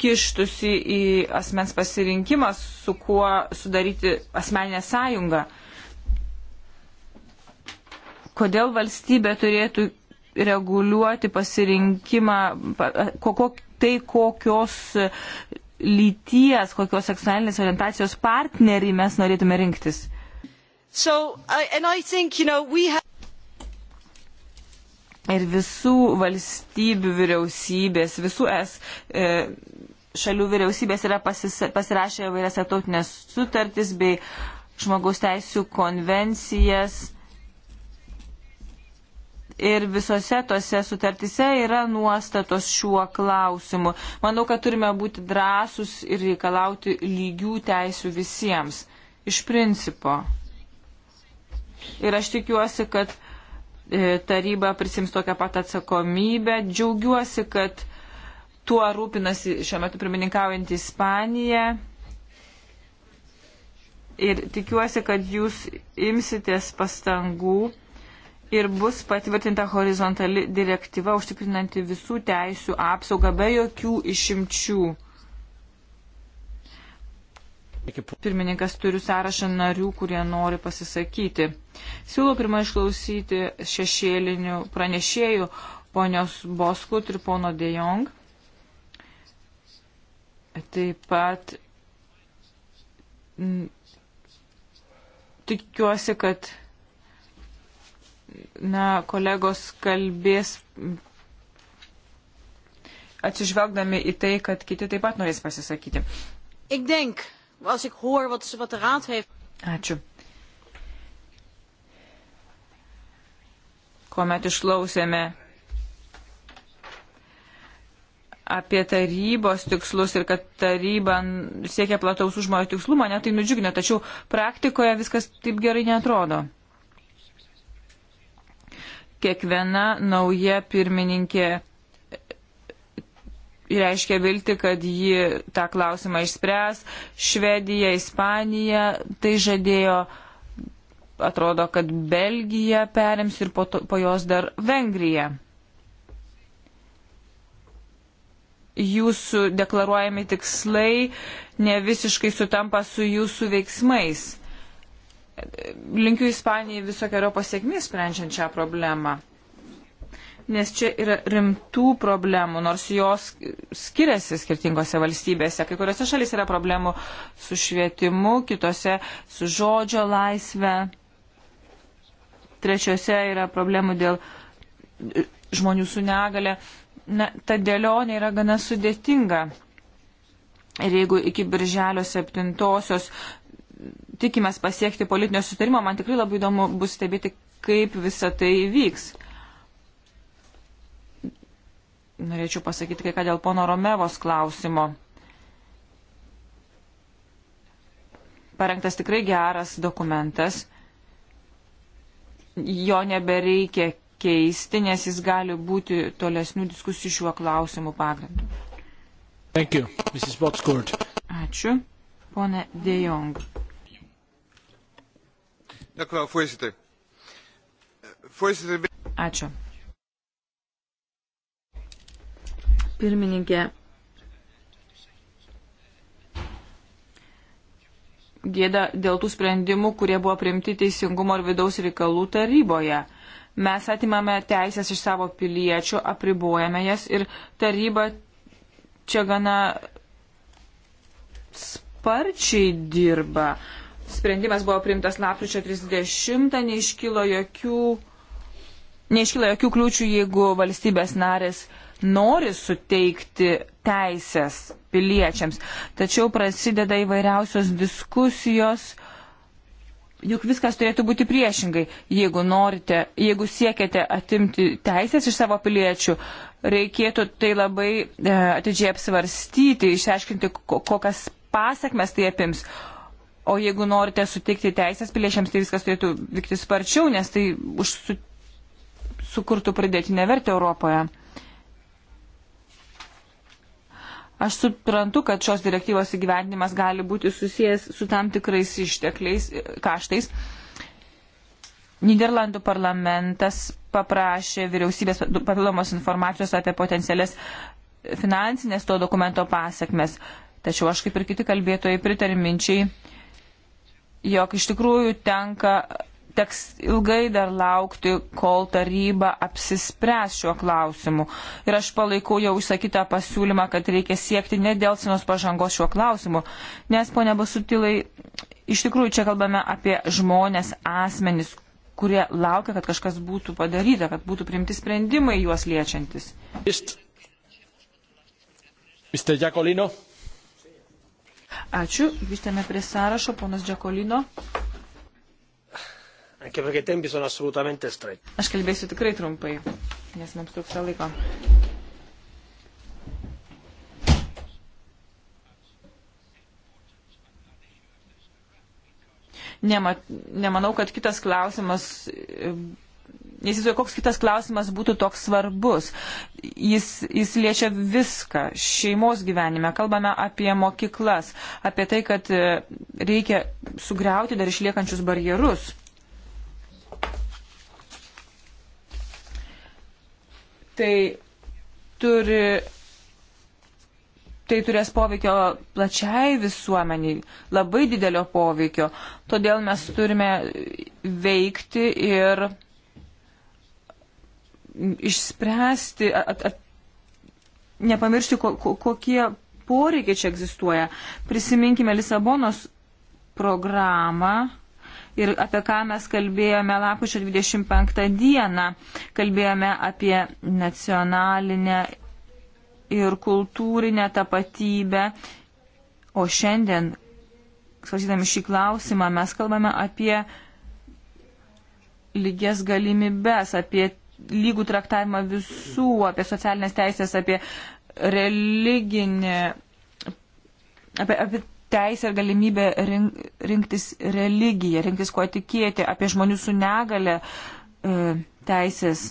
kištusi į asmens pasirinkimą, su kuo sudaryti asmeninę sąjungą. Kodėl valstybė turėtų reguliuoti pasirinkimą, tai kokios lyties, kokios seksualinės orientacijos partnerį mes norėtume rinktis. So, I, think, you know, have... Ir visų valstybių vyriausybės, visų es e, šalių vyriausybės yra pasis, pasirašę įvairias atautinės sutartis bei žmogaus teisų konvencijas. Ir visose tose sutartise yra nuostatos šiuo klausimu. Manau, kad turime būti drąsus ir reikalauti lygių teisų visiems. Iš principo. Ir aš tikiuosi, kad e, taryba prisims tokią pat atsakomybę. Džiaugiuosi, kad Tuo rūpinasi šiuo metu pirmininkaujantį Ispaniją. Ir tikiuosi, kad jūs imsitės pastangų ir bus patvirtinta horizontali direktyva užtikrinanti visų teisių apsaugą be jokių išimčių. Pirmininkas turi sąrašą narių, kurie nori pasisakyti. Siūlau pirmą išklausyti šešėlinių pranešėjų ponios Boskut ir pono Dejong. Taip pat tikiuosi, kad na, kolegos kalbės atsižvelgdami į tai, kad kiti taip pat norės pasisakyti. Ik denk, als ik hoor wat, wat de raad heeft. Ačiū. Kuomet išklausėme apie tarybos tikslus ir kad taryba siekia plataus užmojo tikslų, mane tai nudžiugina, tačiau praktikoje viskas taip gerai netrodo. Kiekviena nauja pirmininkė reiškia vilti, kad ji tą klausimą išspręs. Švedija, Ispanija tai žadėjo, atrodo, kad Belgija perims ir po, to, po jos dar Vengrija. jūsų deklaruojami tikslai ne visiškai sutampa su jūsų veiksmais. Linkiu Ispanijai visokiojo pasiekmės sprendžiant šią problemą. Nes čia yra rimtų problemų, nors jos skiriasi skirtingose valstybėse. Kai kuriuose šalis yra problemų su švietimu, kitose su žodžio laisve, trečiose yra problemų dėl žmonių su negale. Uh, na, ta dėlionė yra gana sudėtinga. Ir jeigu iki birželio 7-osios tikimės pasiekti politinio sutarimo, man tikrai labai įdomu bus stebėti, kaip visa tai vyks. Norėčiau pasakyti kai ką dėl pono Romevos klausimo. Parengtas tikrai geras dokumentas. Jo nebereikia keisti, nes jis gali būti tolesnių diskusijų šiuo klausimu pagrindu. Thank you, Mrs. Botscourt. Ačiū, ponė De Jong. Ačiū. Pirmininkė, gėda dėl tų sprendimų, kurie buvo priimti Teisingumo ir vidaus reikalų taryboje. Mes atimame teisės iš savo piliečių, apribuojame jas ir taryba čia gana sparčiai dirba. Sprendimas buvo priimtas lapkričio 30, neiškilo jokių, neiškilo jokių kliūčių, jeigu valstybės narės nori suteikti teisės piliečiams. Tačiau prasideda įvairiausios diskusijos, uh, Juk viskas turėtų būti priešingai. Jeigu norite, jeigu siekiate atimti teisės iš savo piliečių, reikėtų tai labai e, atidžiai apsvarstyti, išsiaiškinti, kokias pasakmes tai apims. O jeigu norite suteikti teisės piliečiams, tai viskas turėtų vykti sparčiau, nes tai už, su, sukurtų pridėtinę vertę Europoje. Aš suprantu, kad šios direktyvos įgyvendinimas gali būti susijęs su tam tikrais ištekliais, e, kaštais. Niderlandų parlamentas paprašė vyriausybės papildomos informacijos apie potencialias finansinės to dokumento pasiekmes. Tačiau aš kaip ir kiti kalbėtojai pritariu minčiai, jog iš tikrųjų tenka teks ilgai dar laukti, kol taryba apsispręs šiuo klausimu. Ir aš palaikau jau užsakytą pasiūlymą, kad reikia siekti nedėlsinos pažangos šiuo klausimu, nes, ponia Basutilai, iš tikrųjų čia kalbame apie žmonės, asmenis, kurie laukia, kad kažkas būtų padaryta, kad būtų priimti sprendimai juos liečiantis. Mr. Jacolino. Ačiū. Grįžtame prie sąrašo, ponas Džekolino anche perché i tempi sono assolutamente stretti. Aš kalbėsiu tikrai trumpai, nes mums trūksta laiko. Nema, nemanau, kad kitas klausimas, nesizvoju, koks kitas klausimas būtų toks svarbus. Jis, jis liečia viską šeimos gyvenime. Kalbame apie mokyklas, apie tai, kad reikia sugriauti dar išliekančius barjerus. tai turi. Tai turės poveikio plačiai visuomeniai, labai didelio poveikio. Todėl mes turime veikti ir išspręsti, at, at, nepamiršti, ko, ko, kokie poreikiai čia egzistuoja. Prisiminkime Lisabonos programą, ir apie ką mes kalbėjome lapušio 25 dieną. Kalbėjome apie nacionalinę ir kultūrinę tapatybę. O šiandien, svarstydami šį klausimą, mes kalbame apie lygias galimybes, apie lygų traktavimą visų, apie socialinės teisės, apie religinį, apie, apie teisę ir galimybę rink, rinktis religiją, rinktis kuo tikėti, apie žmonių su negale e, teisės.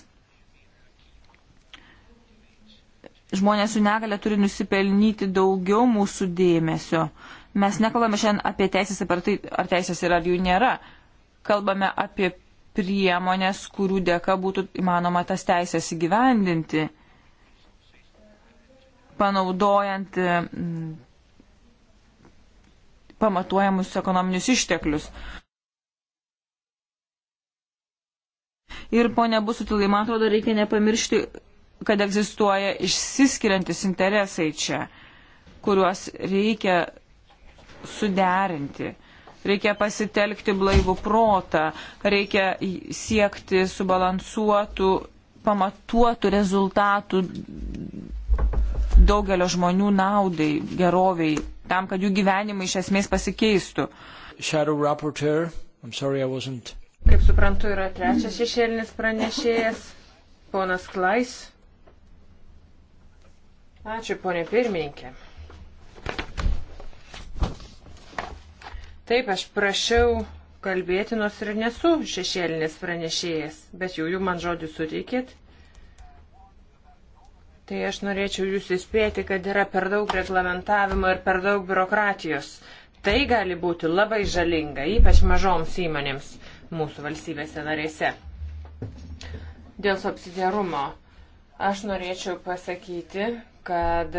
Žmonės su negale turi nusipelnyti daugiau mūsų dėmesio. Mes nekalbame šiandien apie teisės, apie tai, ar teisės yra, ar jų nėra. Kalbame apie priemonės, kurių dėka būtų įmanoma tas teisės įgyvendinti, panaudojant pamatuojamus ekonominius išteklius. Ir ponia Busutilai, man atrodo, reikia nepamiršti, kad egzistuoja išsiskiriantis interesai čia, kuriuos reikia suderinti. Reikia pasitelkti blaivų protą, reikia siekti subalansuotų, pamatuotų rezultatų daugelio žmonių naudai, geroviai tam, kad jų gyvenimai iš esmės pasikeistų. Sorry, Kaip suprantu, yra trečias šešėlinis pranešėjas, ponas Klais. Ačiū, ponė pirmininkė. Taip, aš prašiau kalbėti, nors ir nesu šešėlinis pranešėjas, bet jau jų man žodį suteikėt. Tai aš norėčiau jūs įspėti, kad yra per daug reglamentavimo ir per daug biurokratijos. Tai gali būti labai žalinga, ypač mažoms įmonėms mūsų valstybėse narėse. Dėl subsidiarumo aš norėčiau pasakyti, kad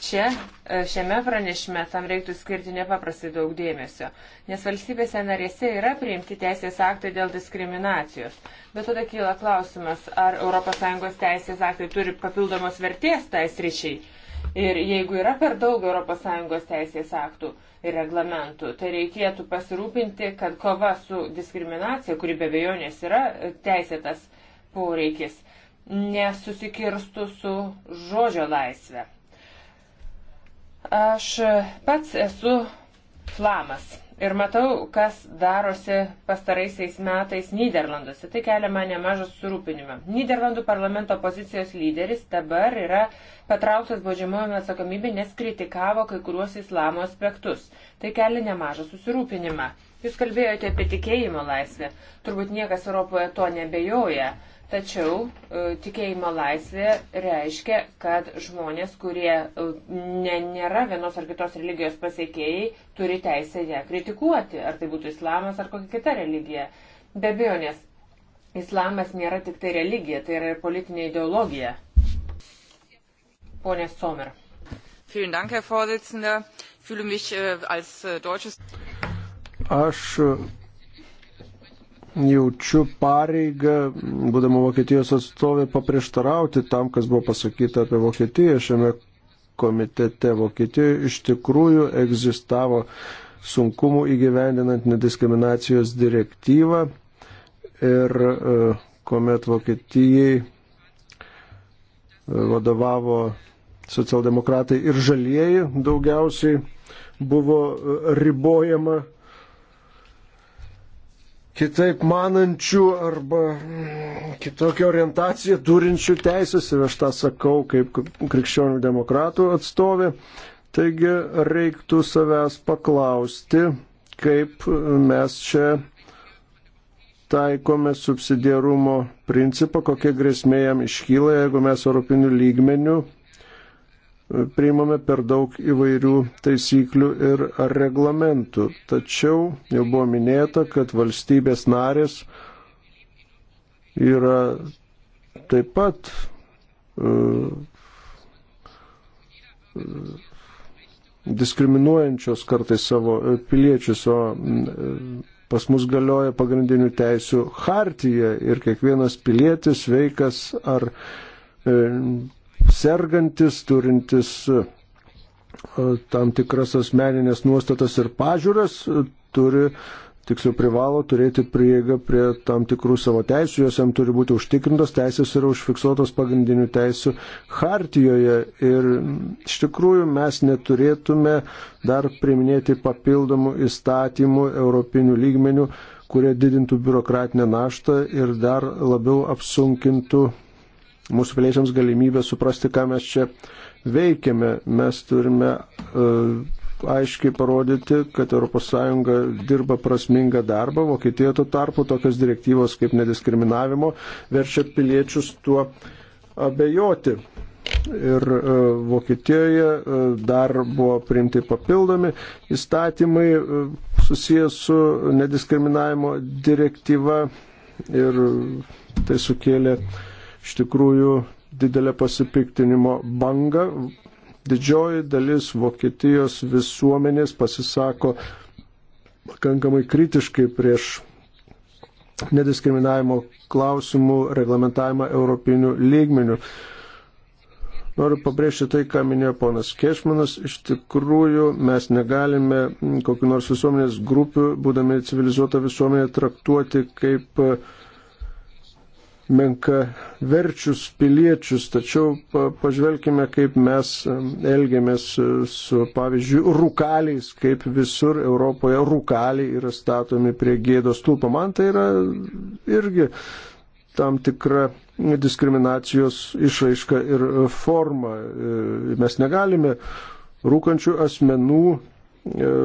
Čia e, šiame pranešime tam reiktų skirti nepaprastai daug dėmesio, nes valstybėse narėse yra priimti teisės aktai dėl diskriminacijos. Bet tada kyla klausimas, ar ES teisės aktai turi papildomos vertės tais ryšiai. Ir jeigu yra per daug ES teisės aktų ir reglamentų, tai reikėtų pasirūpinti, kad kova su diskriminacija, kuri be abejonės yra e, teisėtas poreikis, nesusikirstų su žodžio laisvė. Aš pats esu flamas ir matau, kas darosi pastaraisiais metais Niderlanduose. Tai kelia man nemažą surūpinimą. Niderlandų parlamento pozicijos lyderis dabar yra patrauktas baudžiamojame atsakomybė, nes kritikavo kai kuriuos islamo aspektus. Tai kelia nemažą susirūpinimą. Jūs kalbėjote apie tikėjimo laisvę. Turbūt niekas Europoje to nebejoja. Tačiau e, tikėjimo laisvė reiškia, kad žmonės, kurie e, ne, nėra vienos ar kitos religijos pasiekėjai, turi teisę ją kritikuoti, ar tai būtų islamas ar kokia kita religija. Be abejo, nes islamas nėra tik tai religija, tai yra ir politinė ideologija. Pone Somer. Äh, äh, Aš jaučiu pareigą, būdama Vokietijos atstovė, paprieštarauti tam, kas buvo pasakyta apie Vokietiją šiame komitete. Vokietijoje iš tikrųjų egzistavo sunkumų įgyvendinant nediskriminacijos direktyvą ir e, kuomet Vokietijai e, vadovavo socialdemokratai ir žalieji daugiausiai buvo e, ribojama kitaip manančių arba kitokią orientaciją turinčių teisės ir aš tą sakau kaip krikščionių demokratų atstovė. Taigi reiktų savęs paklausti, kaip mes čia taikome subsidiarumo principą, kokia grėsmė jam iškyla, jeigu mes europinių lygmenių priimame per daug įvairių taisyklių ir reglamentų. Tačiau jau buvo minėta, kad valstybės narės yra taip pat uh, uh, diskriminuojančios kartais savo piliečius, o uh, pas mus galioja pagrindinių teisių hartija ir kiekvienas pilietis, veikas ar sergantis, turintis e, tam tikras asmeninės nuostatas ir pažiūras, e, turi, tiksliau privalo turėti prieigą prie tam tikrų savo teisų, jos jam turi būti užtikrintos, teisės yra užfiksuotos pagrindinių teisų hartijoje. Ir iš tikrųjų mes neturėtume dar priminėti papildomų įstatymų europinių lygmenių kurie didintų biurokratinę naštą ir dar labiau apsunkintų mūsų piliečiams galimybę suprasti, ką mes čia veikiame. Mes turime e, aiškiai parodyti, kad ES dirba prasmingą darbą, Vokietijoje tuo tarpu tokios direktyvos kaip nediskriminavimo verčia piliečius tuo abejoti. Ir e, Vokietijoje e, dar buvo priimti papildomi įstatymai e, susijęs su nediskriminavimo direktyva ir tai sukėlė e, iš tikrųjų didelę pasipiktinimo bangą. Didžioji dalis Vokietijos visuomenės pasisako pakankamai kritiškai prieš nediskriminavimo klausimų reglamentavimą europinių lygmenių. Noriu pabrėžti tai, ką minėjo ponas Kešmanas. Iš tikrųjų, mes negalime kokiu nors visuomenės grupių, būdami civilizuota visuomenė, traktuoti kaip uh, menka verčius piliečius, tačiau pažvelkime, kaip mes elgiamės e, su, pavyzdžiui, rūkaliais, kaip visur Europoje rūkaliai yra statomi prie gėdos stulpo. Man tai yra irgi tam tikra diskriminacijos išraiška ir forma. E, mes negalime rūkančių asmenų e,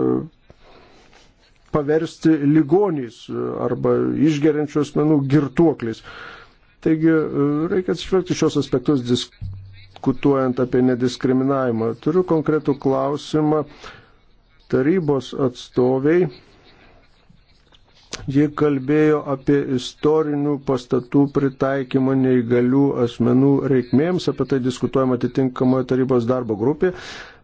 paversti ligoniais arba išgeriančių asmenų girtuokliais. Taigi e, reikia atsižvelgti šios aspektus diskutuojant apie nediskriminavimą. Turiu konkretų klausimą tarybos atstoviai. Ji kalbėjo apie istorinių pastatų pritaikymą neįgalių asmenų reikmėms, apie tai diskutuojama atitinkamoje tarybos darbo grupėje.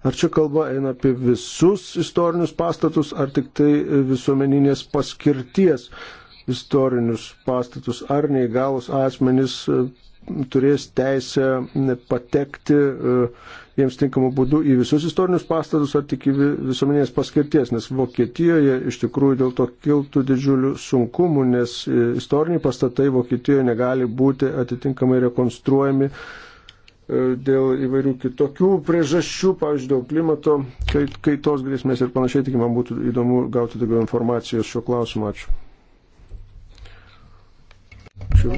Ar čia kalba eina apie visus istorinius pastatus, ar tik tai visuomeninės paskirties istorinius pastatus, ar neįgalus asmenys e, turės teisę patekti e, jiems tinkamu būdu į visus istorinius pastatus ar tik į visuomenės paskirties, nes Vokietijoje iš tikrųjų dėl to kiltų didžiulių sunkumų, nes e, istoriniai pastatai Vokietijoje negali būti atitinkamai rekonstruojami dėl įvairių kitokių priežasčių, pavyzdžiui, dėl klimato kaitos grėsmės ir panašiai, tik man būtų įdomu gauti daugiau informacijos šiuo klausimu. Ačiū. Ačiū.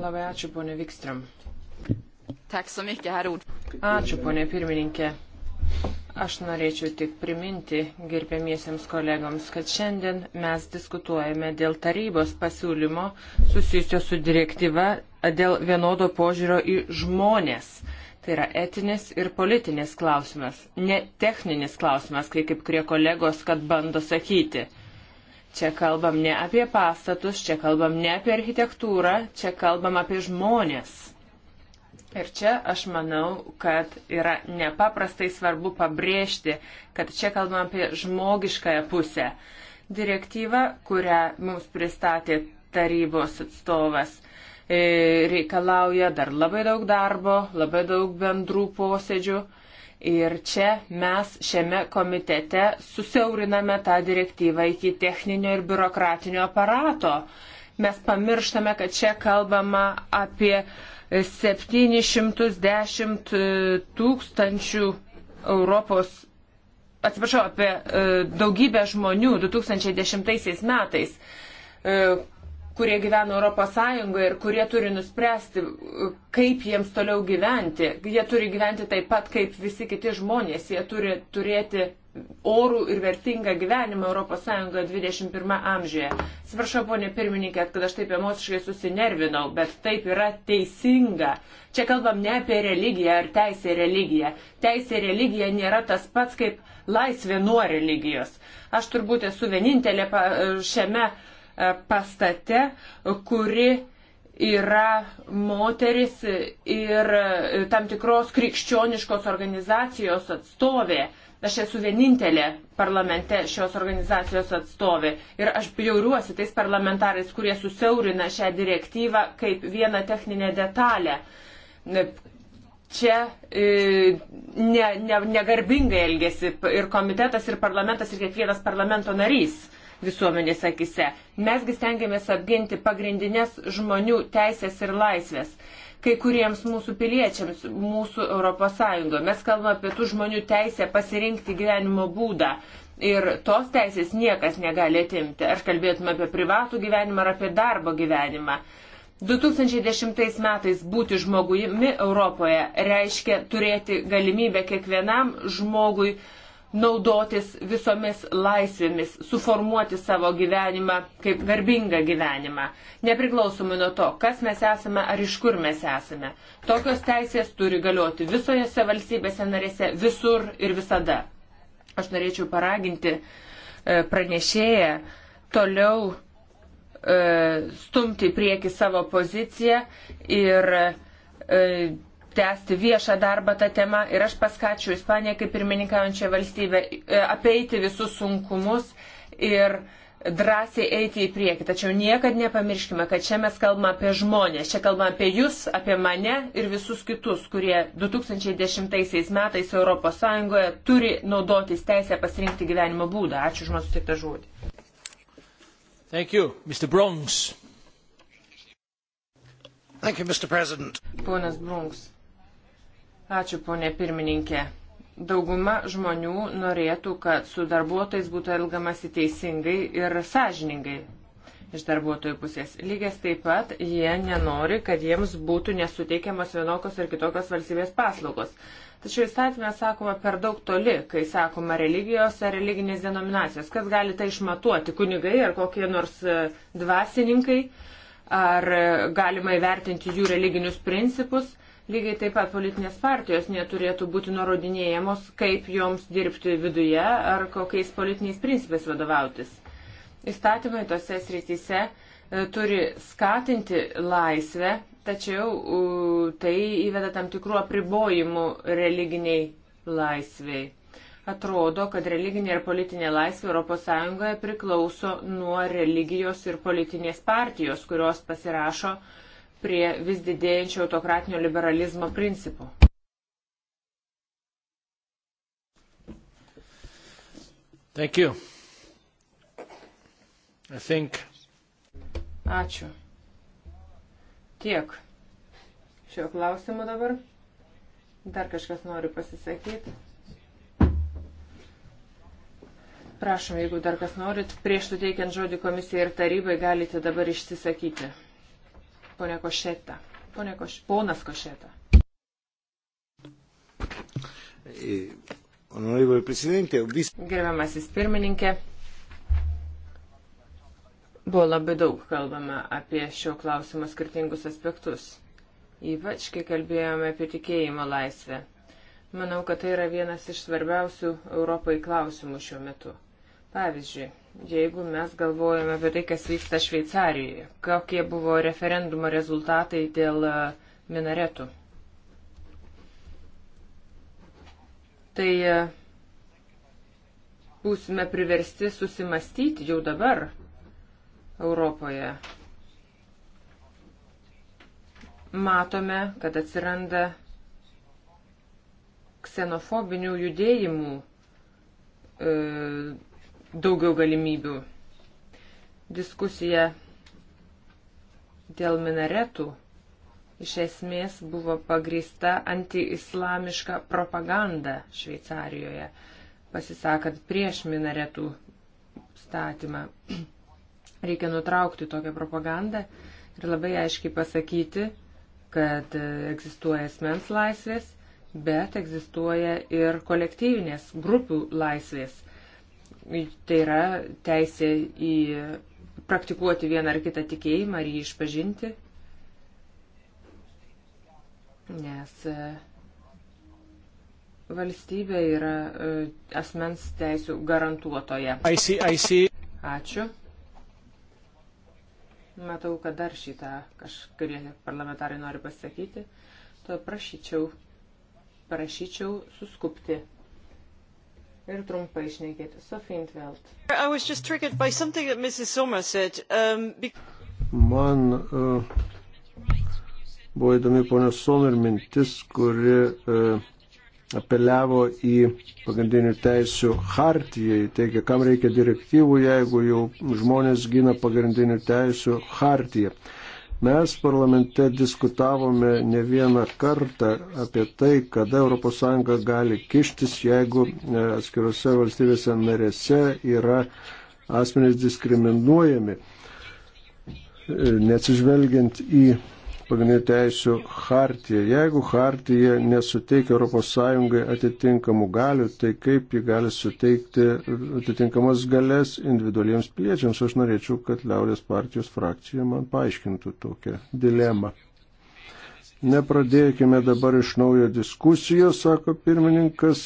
Labai ačiū, ponė Vikstram. Ačiū, ponė pirmininkė. Aš norėčiau tik priminti gerbėmiesiems kolegams, kad šiandien mes diskutuojame dėl tarybos pasiūlymo susijusio su direktyva dėl vienodo požiūrio į žmonės. Tai yra etinis ir politinis klausimas, ne techninis klausimas, kai kaip kurie kolegos, kad bando sakyti. Čia kalbam ne apie pastatus, čia kalbam ne apie architektūrą, čia kalbam apie žmonės. Ir čia aš manau, kad yra nepaprastai svarbu pabrėžti, kad čia kalbam apie žmogiškąją pusę. Direktyva, kurią mums pristatė tarybos atstovas, e, reikalauja dar labai daug darbo, labai daug bendrų posėdžių Ir čia mes šiame komitete susiauriname tą direktyvą iki techninio ir biurokratinio aparato. Mes pamirštame, kad čia kalbama apie 710 e, tūkstančių Europos, atsiprašau, apie e, daugybę žmonių 2010 metais e, kurie gyvena Europos Sąjungoje ir kurie turi nuspręsti, kaip jiems toliau gyventi. Jie turi gyventi taip pat kaip visi kiti žmonės. Jie turi turėti orų ir vertingą gyvenimą Europos Sąjungoje 21 amžiuje. Atsiprašau, ponė pirmininkė, kad aš taip emociškai susinervinau, bet taip yra teisinga. Čia kalbam ne apie religiją ar teisę religiją. Teisė religija nėra tas pats kaip laisvė nuo religijos. Aš turbūt esu vienintelė šiame uh, E, pastate, kuri yra moteris ir e, tam tikros krikščioniškos organizacijos atstovė. Aš esu vienintelė parlamente šios organizacijos atstovė ir aš bjauriuosi tais parlamentarais, kurie susiaurina šią direktyvą kaip vieną techninę detalę. Čia e, ne, ne, negarbingai elgesi ir komitetas, ir parlamentas, ir kiekvienas parlamento narys visuomenės akise. Mesgi stengiamės apginti pagrindinės žmonių teisės ir laisvės. Kai kuriems mūsų piliečiams, mūsų ES, mes kalbame apie tų žmonių teisę pasirinkti gyvenimo būdą. Ir tos teisės niekas negali atimti. Ar kalbėtume apie privatų gyvenimą ar apie darbo gyvenimą. 2010 metais būti žmogumi Europoje reiškia turėti galimybę kiekvienam žmogui uh, naudotis visomis laisvėmis, suformuoti savo gyvenimą kaip garbingą gyvenimą, nepriklausomai nuo to, kas mes esame ar iš kur mes esame. Tokios teisės turi galioti visojose valstybėse narėse, visur ir visada. Aš norėčiau paraginti e, pranešėją toliau e, stumti į priekį savo poziciją ir e, tęsti viešą darbą tą temą ir aš paskačiau Ispaniją kaip pirmininkaujančią valstybę e, apeiti visus sunkumus ir drąsiai eiti į priekį. Tačiau niekad nepamirškime, kad čia mes kalbame apie žmonės, čia kalbame apie jūs, apie mane ir visus kitus, kurie 2010 metais ES turi naudotis teisę pasirinkti gyvenimo būdą. Ačiū už man sutiktą žodį. Thank you, Mr. Bronx. Thank you, Mr. President. Ponas Brunks. Ačiū, ponė pirmininkė. Dauguma žmonių norėtų, kad su darbuotojais būtų elgamasi teisingai ir sąžiningai iš darbuotojų pusės. Lygės taip pat jie nenori, kad jiems būtų nesuteikiamas vienokios ir kitokios valstybės paslaugos. Tačiau įstatymė sakoma per daug toli, kai sakoma religijos ar religinės denominacijos. Kas gali tai išmatuoti? Kunigai ar kokie nors e, dvasininkai? Ar e, galima įvertinti jų religinius principus? Lygiai taip pat politinės partijos neturėtų būti nurodinėjamos, kaip joms dirbti viduje ar kokiais politiniais principais vadovautis. Įstatymai tose srityse e, turi skatinti laisvę, tačiau tai įveda tam tikrų apribojimų religiniai laisviai. Atrodo, kad religinė ir politinė laisvė ES priklauso nuo religijos ir politinės partijos, kurios pasirašo uh, prie vis didėjančio autokratinio liberalizmo principų. Thank you. I think. Ačiū. Tiek. Šio klausimu dabar. Dar kažkas nori pasisakyti. Prašom, jeigu dar kas norit, prieš suteikiant žodį komisijai ir tarybai galite dabar išsisakyti. Pone Košeta. Pone Koš... Ponas Košeta. E, Gerbiamasis pirmininkė, buvo labai daug kalbama apie šio klausimo skirtingus aspektus, ypač kai kalbėjome apie tikėjimo laisvę. Manau, kad tai yra vienas iš svarbiausių Europai klausimų šiuo metu. Pavyzdžiui, jeigu mes galvojame apie tai, kas vyksta Šveicarijoje, kokie buvo referendumo rezultatai dėl e, minaretų. Tai e, būsime priversti susimastyti jau dabar Europoje. Matome, kad atsiranda ksenofobinių judėjimų e, daugiau galimybių. Diskusija dėl minaretų iš esmės buvo pagrįsta antiislamiška propaganda Šveicarijoje, pasisakant prieš minaretų statymą. Reikia nutraukti tokią propagandą ir labai aiškiai pasakyti, kad egzistuoja asmens laisvės, bet egzistuoja ir kolektyvinės grupių laisvės – Tai yra teisė į praktikuoti vieną ar kitą tikėjimą ar jį išpažinti. Nes e, valstybė yra e, asmens teisų garantuotoja. I see, I see. Ačiū. Matau, kad dar šitą kažkurie parlamentarai nori pasakyti. To prašyčiau, prašyčiau suskupti ir trumpai išnekėti. Sofintveld. Um, Man uh, buvo įdomi ponios Somer mintis, kuri uh, apeliavo į pagrindinių teisių hartiją, teigia, kam reikia direktyvų, jeigu jau žmonės gina pagrindinių teisių hartiją. Uh, Mes parlamente diskutavome ne vieną kartą apie tai, kada ES gali kištis, jeigu e, atskirose valstybėse narėse yra asmenys diskriminuojami, e, neatsižvelgiant į pagrindinių teisių hartija. Jeigu hartija nesuteikia ES atitinkamų galių, tai kaip ji gali suteikti atitinkamas galės individualiems piliečiams? Aš norėčiau, kad Liaudės partijos frakcija man paaiškintų tokią dilemą. Nepradėkime dabar iš naujo diskusijos, sako pirmininkas,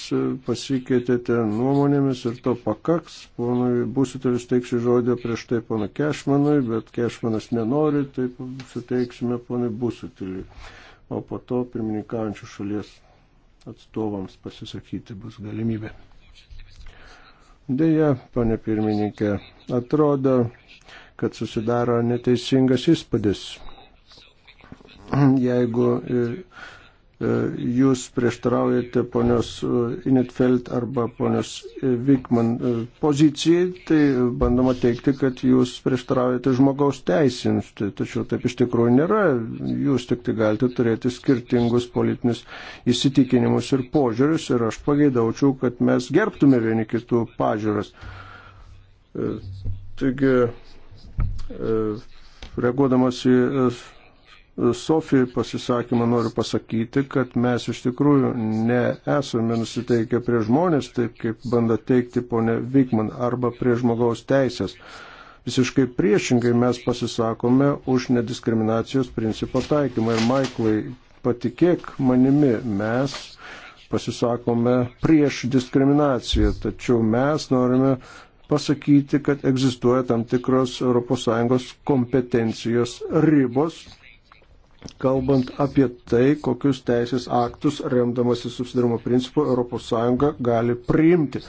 pasikeitėte nuomonėmis ir to pakaks. Ponui Busitelis teiksiu žodį prieš tai ponui Kešmanui, bet Kešmanas nenori, tai suteiksime ponui Busiteliui. O po to pirmininkaujančių šalies atstovams pasisakyti bus galimybė. Deja, pane pirmininkė, atrodo, kad susidaro neteisingas įspūdis jeigu e, e, jūs prieštaraujate ponios e, Inetfeld arba ponios Vikman pozicijai, tai bandoma teikti, kad jūs prieštaraujate žmogaus teisėms. Tačiau taip iš tikrųjų nėra. Jūs tik tai galite turėti skirtingus politinius įsitikinimus ir požiūrius ir aš pageidaučiau, kad mes gerbtume vieni kitų pažiūras. Taigi, reaguodamas į Sofijai pasisakymą noriu pasakyti, kad mes iš tikrųjų nesame nusiteikę prie žmonės, taip kaip bando teikti ponė Vikman, arba prie žmogaus teisės. Visiškai priešingai mes pasisakome už nediskriminacijos principo taikymą. Ir Maiklai, patikėk manimi, mes pasisakome prieš diskriminaciją, tačiau mes norime pasakyti, kad egzistuoja tam tikros ES kompetencijos ribos, kalbant apie tai, kokius teisės aktus remdamasi subsidarumo principu ES gali priimti.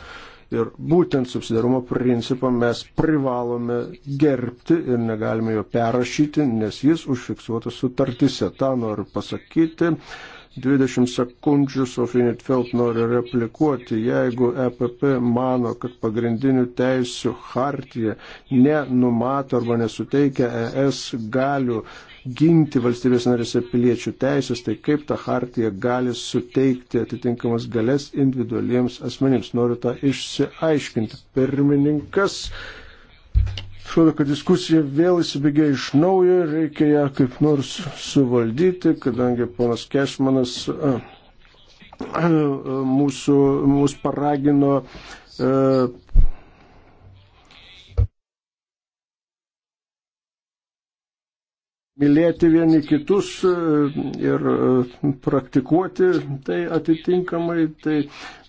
Ir būtent subsidarumo principą mes privalome gerbti ir negalime jo perrašyti, nes jis užfiksuotas sutartise. Ta noriu pasakyti. 20 sekundžių Sofija Netfeld nori replikuoti, jeigu EPP mano, kad pagrindinių teisų hartija nenumato arba nesuteikia ES galių ginti valstybės narėse piliečių teisės, tai kaip ta hartija gali suteikti atitinkamas galės individualiems asmenims. Noriu tą išsiaiškinti. Pirmininkas. Atrodo, kad diskusija vėl įsibėgė iš naujo, reikia ją kaip nors suvaldyti, kadangi ponas Kešmanas a, a, mūsų, mūsų paragino a, mylėti vieni kitus e, ir e, praktikuoti tai atitinkamai, tai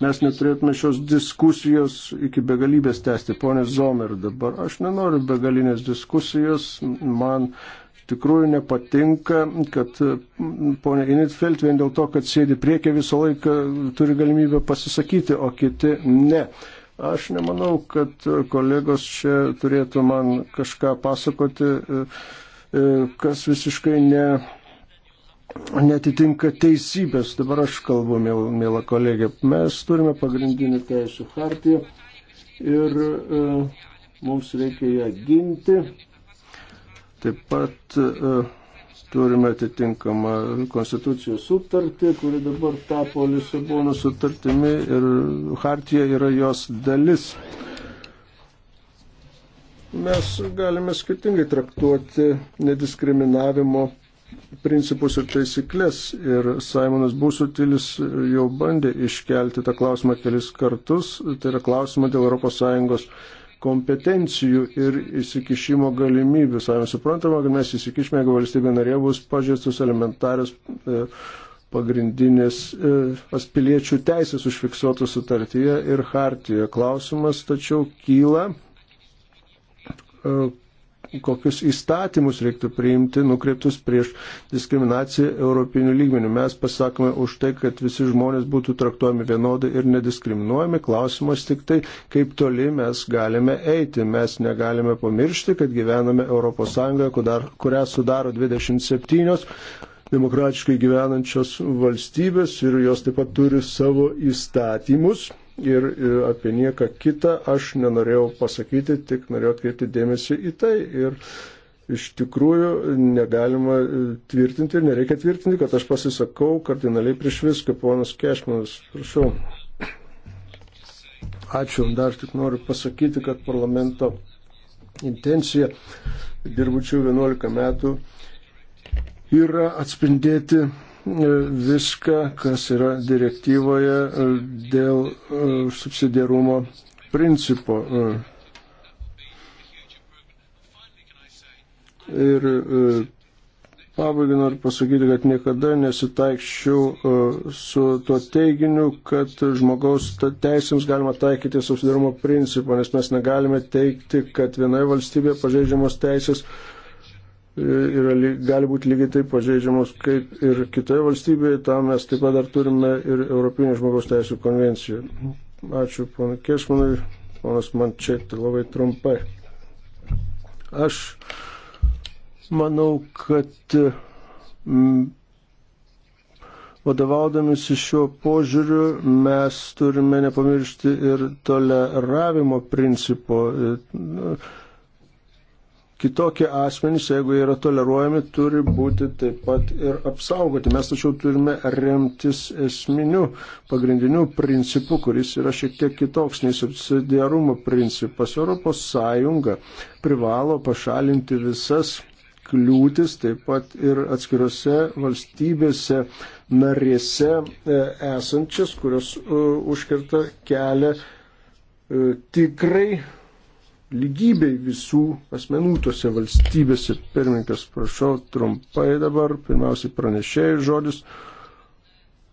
mes neturėtume šios diskusijos iki begalybės tęsti. Pone Zomer, dabar aš nenoriu begalinės diskusijos, man tikrųjų nepatinka, kad ponė Initfeld vien dėl to, kad sėdi priekė visą laiką, turi galimybę pasisakyti, o kiti ne. Aš nemanau, kad kolegos čia turėtų man kažką pasakoti. E, E, kas visiškai ne, netitinka teisybės. Dabar aš kalbu, mėla kolegė. Mes turime pagrindinį teisų hartiją ir e, mums reikia ją ginti. Taip pat e, turime atitinkamą konstitucijos sutartį, kuri dabar tapo Lisabono sutartimi ir hartija yra jos dalis. E, Mes galime skirtingai traktuoti nediskriminavimo principus ir taisyklės. Ir Simonas Busutilis jau bandė iškelti tą klausimą kelis kartus. Tai yra klausimą dėl ES kompetencijų ir įsikišimo galimybių. Savime suprantama, kad mes įsikišime, jeigu valstybė narė bus pažeistus elementarius e, pagrindinės e, piliečių teisės užfiksuotos sutartyje ir hartijoje. Klausimas tačiau kyla E, kokius įstatymus reiktų priimti nukreiptus prieš diskriminaciją europinių lygmenių. Mes pasakome už tai, kad visi žmonės būtų traktuojami vienodai ir nediskriminuojami. Klausimas tik tai, kaip toli mes galime eiti. Mes negalime pamiršti, kad gyvename ES, kurią sudaro 27 demokratiškai gyvenančios valstybės ir jos taip pat turi savo įstatymus ir apie nieką kitą aš nenorėjau pasakyti, tik norėjau atkreipti dėmesį į tai. Ir iš tikrųjų negalima e, tvirtinti ir nereikia tvirtinti, kad aš pasisakau kardinaliai prieš viską, ponas Kešmanas, prašau. Ačiū, dar tik noriu pasakyti, kad parlamento intencija, dirbučių 11 metų, yra atspindėti viską, kas yra direktyvoje e, dėl e, subsidiarumo principo. E. Ir pabaigai noriu pasakyti, kad niekada nesitaikščiau su tuo teiginiu, kad žmogaus teisėms galima taikyti subsidarumo principą, nes mes negalime teikti, kad vienoje valstybėje pažeidžiamos teisės yra, gali būti lygiai taip pažeidžiamos kaip ir kitoje valstybėje, tam mes taip pat dar turime ir Europinio žmogaus teisų konvenciją. Ačiū ponui Kešmanui, ponas Mančetė, labai trumpai. Aš manau, kad mm, Vadovaudamėsi šiuo požiūriu mes turime nepamiršti ir toleravimo principo kitokie asmenys, jeigu jie yra toleruojami, turi būti taip pat ir apsaugoti. Mes tačiau turime remtis esminiu pagrindiniu principu, kuris yra šiek tiek kitoks nei subsidiarumo principas. Europos Sąjunga privalo pašalinti visas kliūtis, taip pat ir atskirose valstybėse narėse e, esančias, kurios e, užkerta kelią e, tikrai lygybei visų asmenų tose valstybėse. Pirmininkas, prašau, trumpai dabar, pirmiausiai pranešėjai žodis,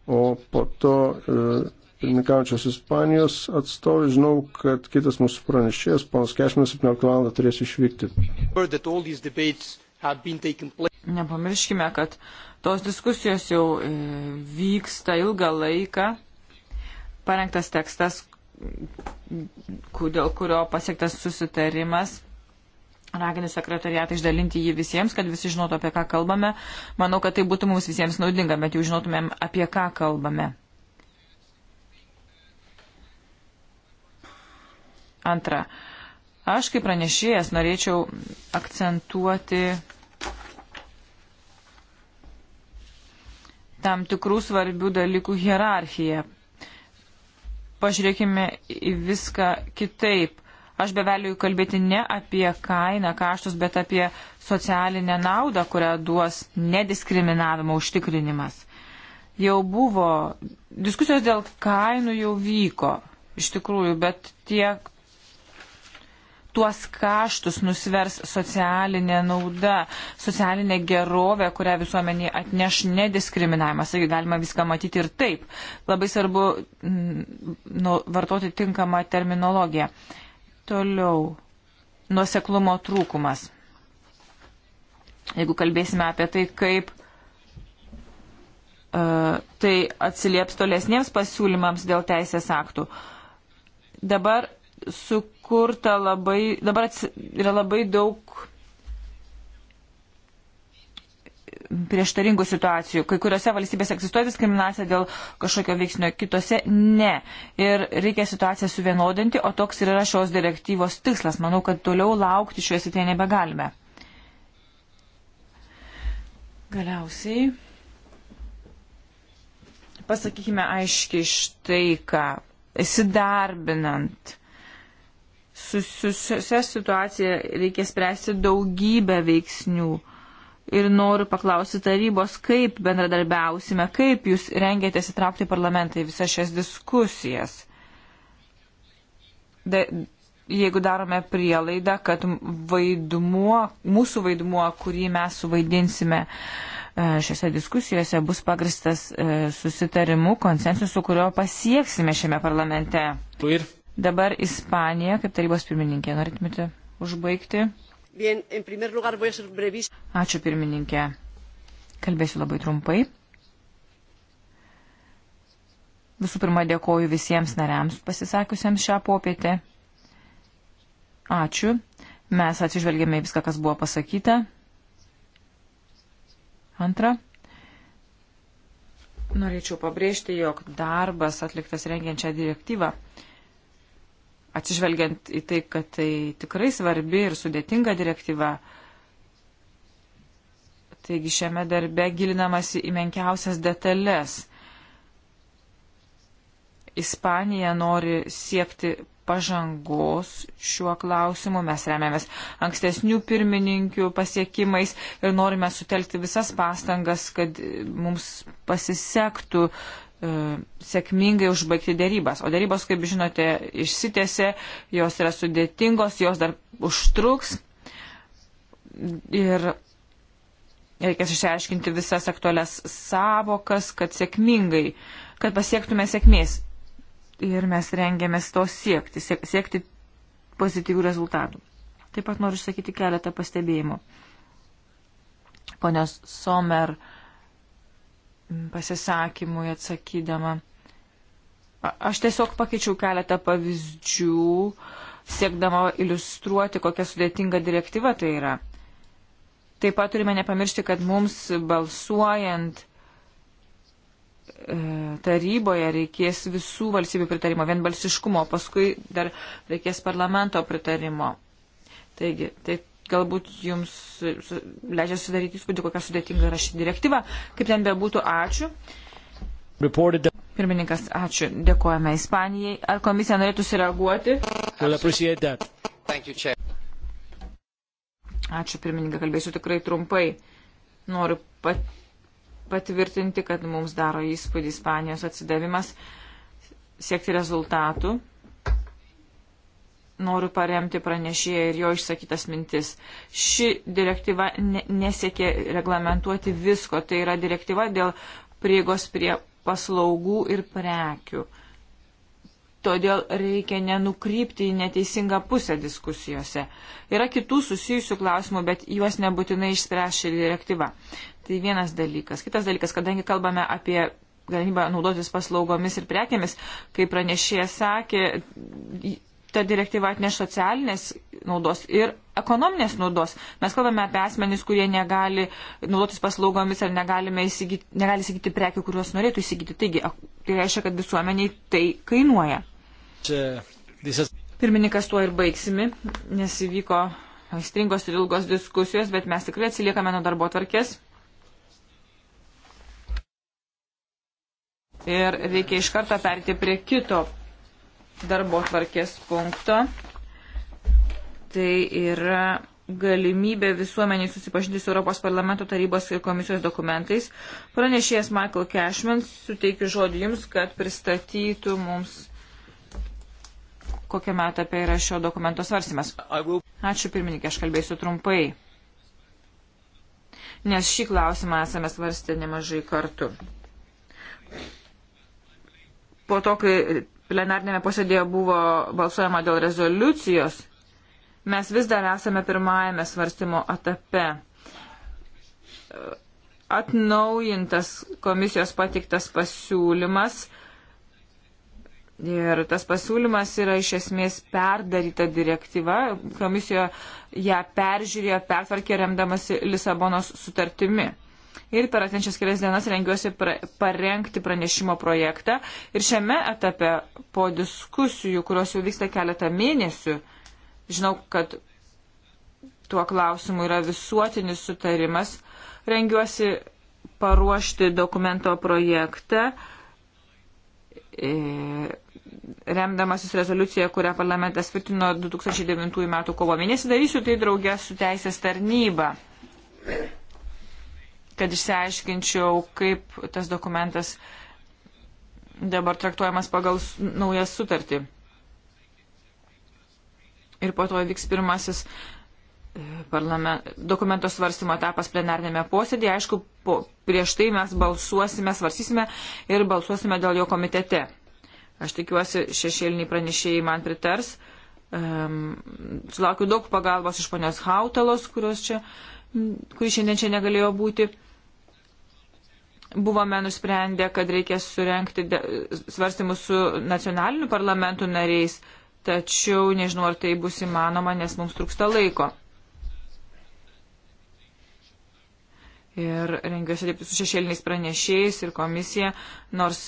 o po to e, pirmininkaujančios Ispanijos atstovai žinau, kad kitas mūsų pranešėjas, ponas Kešminas, 17 val. turės išvykti. Nepamirškime, kad tos diskusijos jau e, vyksta ilgą laiką. Parengtas tekstas, dėl kurio pasiektas susitarimas. Raginu sekretariatą išdalinti jį visiems, kad visi žinotų, apie ką kalbame. Manau, kad tai būtų mums visiems naudinga, bet jau žinotumėm, apie ką kalbame. Antra. Aš kaip pranešėjas norėčiau akcentuoti tam tikrų svarbių dalykų hierarchiją pažiūrėkime į viską kitaip. Aš beveliu kalbėti ne apie kainą, kaštus, bet apie socialinę naudą, kurią duos nediskriminavimo užtikrinimas. Jau buvo, diskusijos dėl kainų jau vyko, iš tikrųjų, bet tiek tuos kaštus nusvers socialinė nauda, socialinė gerovė, kurią visuomenė atneš nediskriminavimas. Taigi galima viską matyti ir taip. Labai svarbu mm, nu, vartoti tinkamą terminologiją. Toliau. Nuoseklumo trūkumas. Jeigu kalbėsime apie tai, kaip uh, tai atsilieps tolesniems pasiūlymams dėl teisės aktų. Dabar sukurta labai, dabar yra labai daug prieštaringų situacijų. Kai kuriuose valstybėse egzistuoja diskriminacija dėl kažkokio veiksnio, kitose ne. Ir reikia situaciją suvienodinti, o toks ir yra šios direktyvos tikslas. Manau, kad toliau laukti šioje srityje nebegalime. Galiausiai pasakykime aiškiai štai ką. Įsidarbinant su, su šia situacija reikia spręsti daugybę veiksnių. Ir noriu paklausyti tarybos, kaip bendradarbiausime, kaip jūs rengėtės įtraukti parlamentą į visas šias diskusijas. De, jeigu darome prielaidą, kad vaidmuo, mūsų vaidmuo, kurį mes suvaidinsime šiose diskusijose, bus pagristas e, susitarimu, konsensusu, kurio pasieksime šiame parlamente. Ir Dabar Ispanija, kaip tarybos pirmininkė, norėtumėte užbaigti? Bien, lugar, Ačiū pirmininkė. Kalbėsiu labai trumpai. Visų pirma, dėkoju visiems nariams pasisakiusiems šią popietę. Ačiū. Mes atsižvelgėme į viską, kas buvo pasakyta. Antra. Norėčiau pabrėžti, jog darbas atliktas rengiančią direktyvą atsižvelgiant į tai, kad tai tikrai svarbi ir sudėtinga direktyva. Taigi šiame darbe gilinamasi į menkiausias detalės. Ispanija nori siekti pažangos šiuo klausimu. Mes remiamės ankstesnių pirmininkių pasiekimais ir norime sutelkti visas pastangas, kad mums pasisektų E, sėkmingai užbaigti dėrybas. O dėrybos, kaip žinote, išsitėse, jos yra sudėtingos, jos dar užtruks ir reikės išsiaiškinti visas aktualias savokas, kad sėkmingai, kad pasiektume sėkmės. Ir mes rengiamės to siekti, siekti pozityvių rezultatų. Taip pat noriu išsakyti keletą pastebėjimų. Ponios Somer, uh, pasisakymui atsakydama. Aš tiesiog pakeičiau keletą pavyzdžių, siekdama iliustruoti, kokia sudėtinga direktyva tai yra. Taip pat turime nepamiršti, kad mums balsuojant e, taryboje reikės visų valstybių pritarimo, vienbalsiškumo, paskui dar reikės parlamento pritarimo. Taigi, taip galbūt jums leidžia sudaryti įspūdį, kokia sudėtinga yra ši direktyva. Kaip ten bebūtų, ačiū. Pirmininkas, ačiū. Dėkojame Ispanijai. Ar komisija norėtų sureaguoti? Ačiū, pirmininkai, kalbėsiu tikrai trumpai. Noriu pat, patvirtinti, kad mums daro įspūdį Ispanijos atsidavimas siekti rezultatų noriu paremti pranešėją ir jo išsakytas mintis. Ši direktyva nesiekia reglamentuoti visko, tai yra direktyva dėl prieigos prie paslaugų ir prekių. Todėl reikia nenukrypti į neteisingą pusę diskusijose. Yra kitų susijusių klausimų, bet juos nebūtinai išspręs ši direktyva. Tai vienas dalykas. Kitas dalykas, kadangi kalbame apie galimybę naudotis paslaugomis ir prekėmis, kaip pranešėjas sakė, ta direktyva atneš socialinės naudos ir ekonominės naudos. Mes kalbame apie asmenys, kurie negali naudotis paslaugomis ar įsigyti, negali įsigyti prekių, kuriuos norėtų įsigyti. Taigi, tai reiškia, kad visuomeniai tai kainuoja. Pirmininkas tuo ir baigsimi, nes įvyko aistringos ir ilgos diskusijos, bet mes tikrai atsiliekame nuo darbo tvarkės. Ir reikia iš karto perti prie kito darbo tvarkės punkto. Tai yra galimybė visuomeniai susipažinti su Europos parlamento tarybos ir komisijos dokumentais. Pranešėjas Michael Cashman suteikiu žodį jums, kad pristatytų mums, kokiame etape yra šio dokumento svarstymas. Ačiū pirmininkė, aš kalbėsiu trumpai, nes šį klausimą esame svarstę nemažai kartų. Po to, kai plenarnėme posėdėje buvo balsuojama dėl rezoliucijos, mes vis dar esame pirmajame svarstymo etape. Atnaujintas komisijos patiktas pasiūlymas ir tas pasiūlymas yra iš esmės perdaryta direktyva. Komisija ją peržiūrėjo, pertvarkė remdamasi Lisabonos sutartimi ir per atenčias kelias dienas rengiuosi pra parengti pranešimo projektą. Ir šiame etape po diskusijų, kurios jau vyksta keletą mėnesių, žinau, kad tuo klausimu yra visuotinis sutarimas, rengiuosi paruošti dokumento projektą. E remdamasis rezoliucija, kurią parlamentas tvirtino 2009 m. kovo mėnesį, darysiu tai draugę su teisės tarnyba kad išsiaiškinčiau, kaip tas dokumentas dabar traktuojamas pagal naują sutartį. Ir po to vyks pirmasis e, dokumento svarstymo etapas plenarnėme posėdėje. Aišku, po, prieš tai mes balsuosime, svarsysime ir balsuosime dėl jo komitete. Aš tikiuosi, šešėliniai pranešėjai man pritars. Um, sulaukiu daug pagalbos iš ponios Hautalos, čia, kuri šiandien čia negalėjo būti. Uh, buvome nusprendę, kad reikės surenkti svarstymus su nacionaliniu parlamentu nariais, tačiau nežinau, ar tai bus įmanoma, nes mums trūksta laiko. Ir rengiuosi dirbti su šešėliniais pranešėjais ir komisija, nors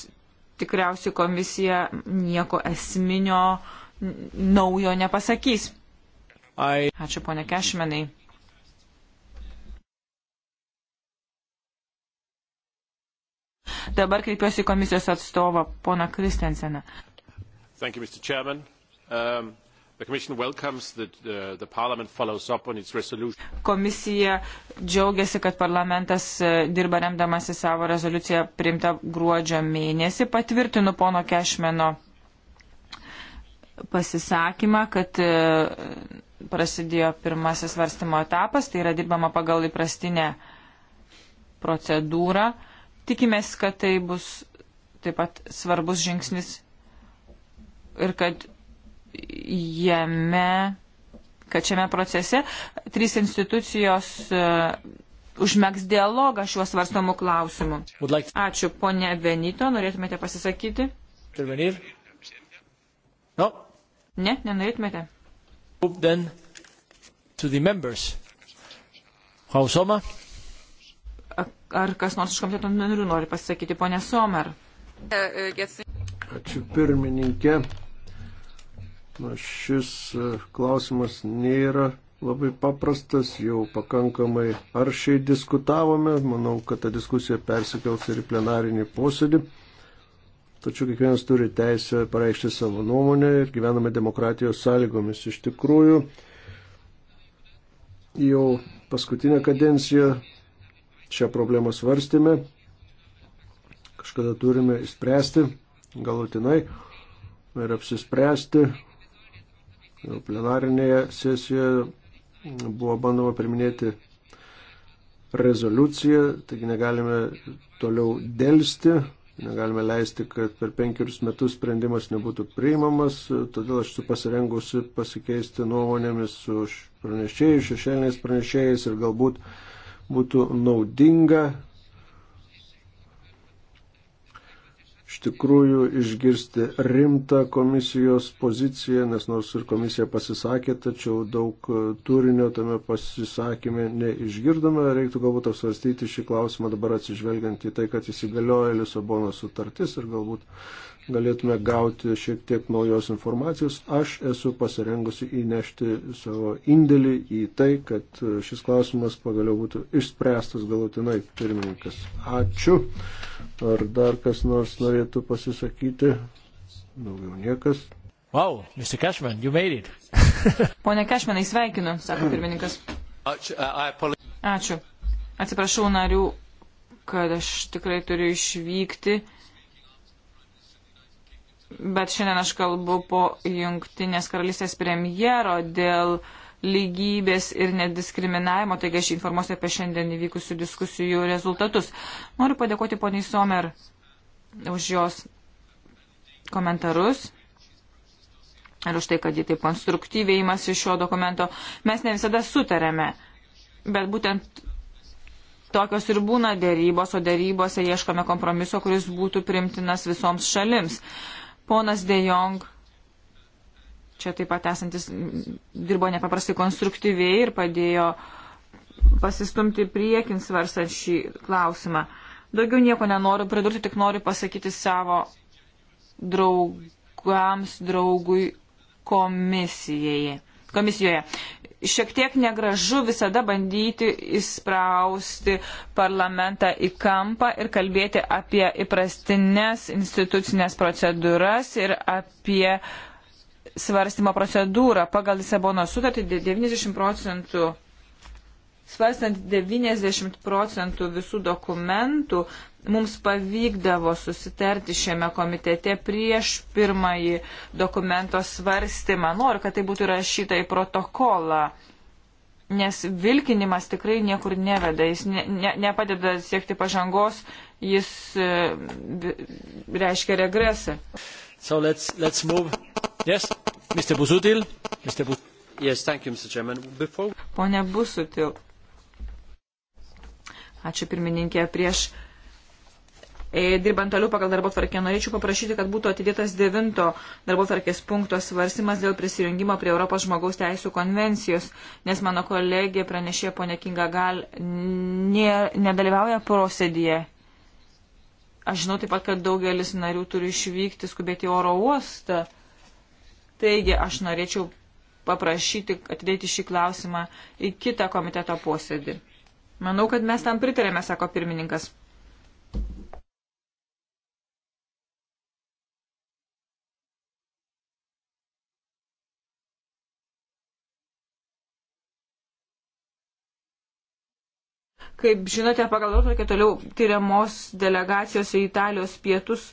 tikriausiai komisija nieko esminio naujo nepasakys. Ačiū, ponia Kešmenai. Dabar kreipiuosi komisijos atstovą, pona Kristenseną. Um, that, uh, Komisija džiaugiasi, kad parlamentas uh, dirba remdamasi savo rezoliuciją priimta gruodžio mėnesį, patvirtinu pono Kešmeno pasisakymą, kad uh, prasidėjo pirmasis varstymo etapas, tai yra dirbama pagal įprastinę procedūrą. Tikimės, kad tai bus taip pat svarbus žingsnis ir kad jame, kad šiame procese trys institucijos e, užmėgs dialogą šiuo svarstomu klausimu. Ačiū, ponė Benito, norėtumėte pasisakyti? No. Ne, nenorėtumėte. Then to the members. Hausoma. Ar kas nors iš komiteto narių nori pasakyti, ponė Somer? Ačiū pirmininkė. Na, šis e, klausimas nėra labai paprastas, jau pakankamai aršiai diskutavome. Manau, kad ta diskusija persikels ir į plenarinį posėdį. Tačiau kiekvienas turi teisę pareikšti savo nuomonę ir gyvename demokratijos sąlygomis. Iš tikrųjų, jau paskutinę kadenciją šią problemą svarstėme, kažkada turime išspręsti galutinai ir apsispręsti. Jau plenarinėje sesijoje buvo bandoma priminėti rezoliuciją, taigi negalime toliau dėlsti, negalime leisti, kad per penkerius metus sprendimas nebūtų priimamas, todėl aš esu pasirengusi pasikeisti nuomonėmis su pranešėjais, šešėliniais pranešėjais ir galbūt uh, būtų naudinga iš tikrųjų išgirsti rimtą komisijos poziciją, nes nors ir komisija pasisakė, tačiau daug turinio tame pasisakymė neišgirdome. Reiktų galbūt apsvarstyti šį klausimą dabar atsižvelgiant į tai, kad įsigalioja Lisabono sutartis ir galbūt galėtume gauti šiek tiek naujos informacijos. Aš esu pasirengusi įnešti savo indėlį į tai, kad šis klausimas pagaliau būtų išspręstas galutinai. Pirmininkas, ačiū. Ar dar kas nors norėtų pasisakyti? Daugiau niekas. Wow, Mr. Cashman, you made it. Pone Cashmanai, sveikinu, sako pirmininkas. Ačiū. Atsiprašau narių, kad aš tikrai turiu išvykti bet šiandien aš kalbu po Junktinės karalystės premjero dėl lygybės ir nediskriminavimo, taigi aš informuosiu apie šiandien įvykusių diskusijų rezultatus. Noriu padėkoti poniai Somer už jos komentarus ir už tai, kad jie taip konstruktyviai imasi šio dokumento. Mes ne visada sutarėme, bet būtent tokios ir būna dėrybos, o dėrybose ieškome kompromiso, kuris būtų primtinas visoms šalims. Uh, Ponas De Jong, čia taip pat esantis, dirbo nepaprastai konstruktyviai ir padėjo pasistumti priekin svarstant šį klausimą. Daugiau nieko nenoriu pridurti, tik noriu pasakyti savo draugams, draugui komisijai. komisijoje šiek tiek negražu visada bandyti įsprausti parlamentą į kampą ir kalbėti apie įprastinės institucinės procedūras ir apie svarstymo procedūrą. Pagal Lisabono sutartį 90 procentų, svarstant 90 procentų visų dokumentų, mums pavykdavo susitarti šiame komitete prieš pirmąjį dokumento svarstymą. Noriu, kad tai būtų rašyta į protokolą, nes vilkinimas tikrai niekur neveda, jis ne, ne, nepadeda siekti pažangos, jis e, reiškia regresą. So let's, let's move. Yes, Mr. Busutil. Mr. Bus yes, thank you, Mr. Chairman. Before... Pone Busutil. Ačiū pirmininkė prieš E, dirbant toliau pagal darbo tvarkę, norėčiau paprašyti, kad būtų atidėtas devinto darbo tvarkės punkto svarsimas dėl prisijungimo prie Europos žmogaus teisų konvencijos, nes mano kolegė pranešė ponė Kinga Gal ne, nedalyvauja posėdėje. Aš žinau taip pat, kad daugelis narių turi išvykti, skubėti į oro uostą. Taigi aš norėčiau paprašyti atidėti šį klausimą į kitą komiteto posėdį. Manau, kad mes tam pritarėme, sako pirmininkas. Kaip žinote, pagal nuotraukę toliau tyriamos delegacijos į Italijos pietus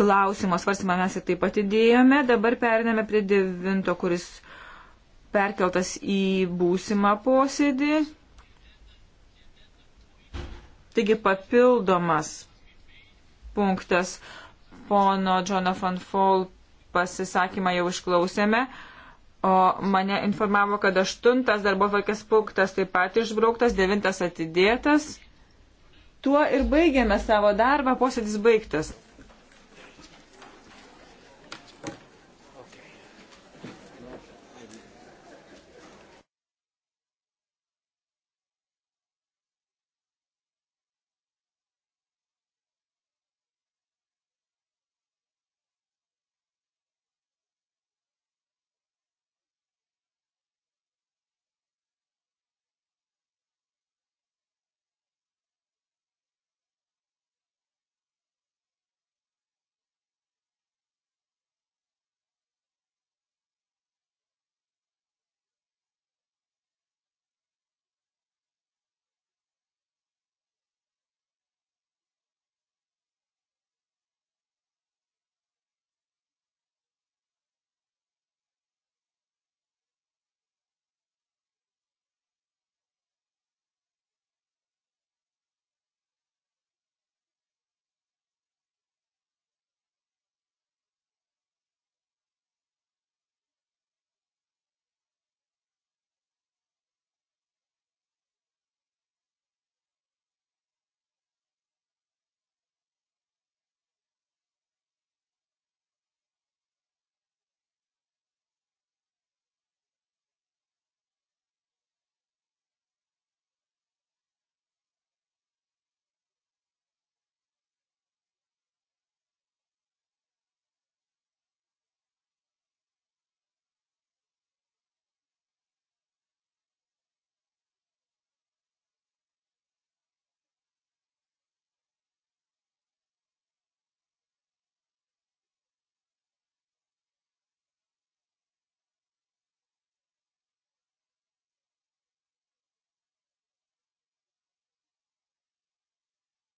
klausimo svarstymą mes ir taip pat įdėjome. Dabar periname prie devinto, kuris perkeltas į būsimą posėdį. Taigi papildomas punktas pono Jonathan Fall pasisakymą jau išklausėme. O mane informavo, kad aštuntas darbo varkės punktas taip pat išbrauktas, devintas atidėtas. Tuo ir baigėme savo darbą, posėdis baigtas.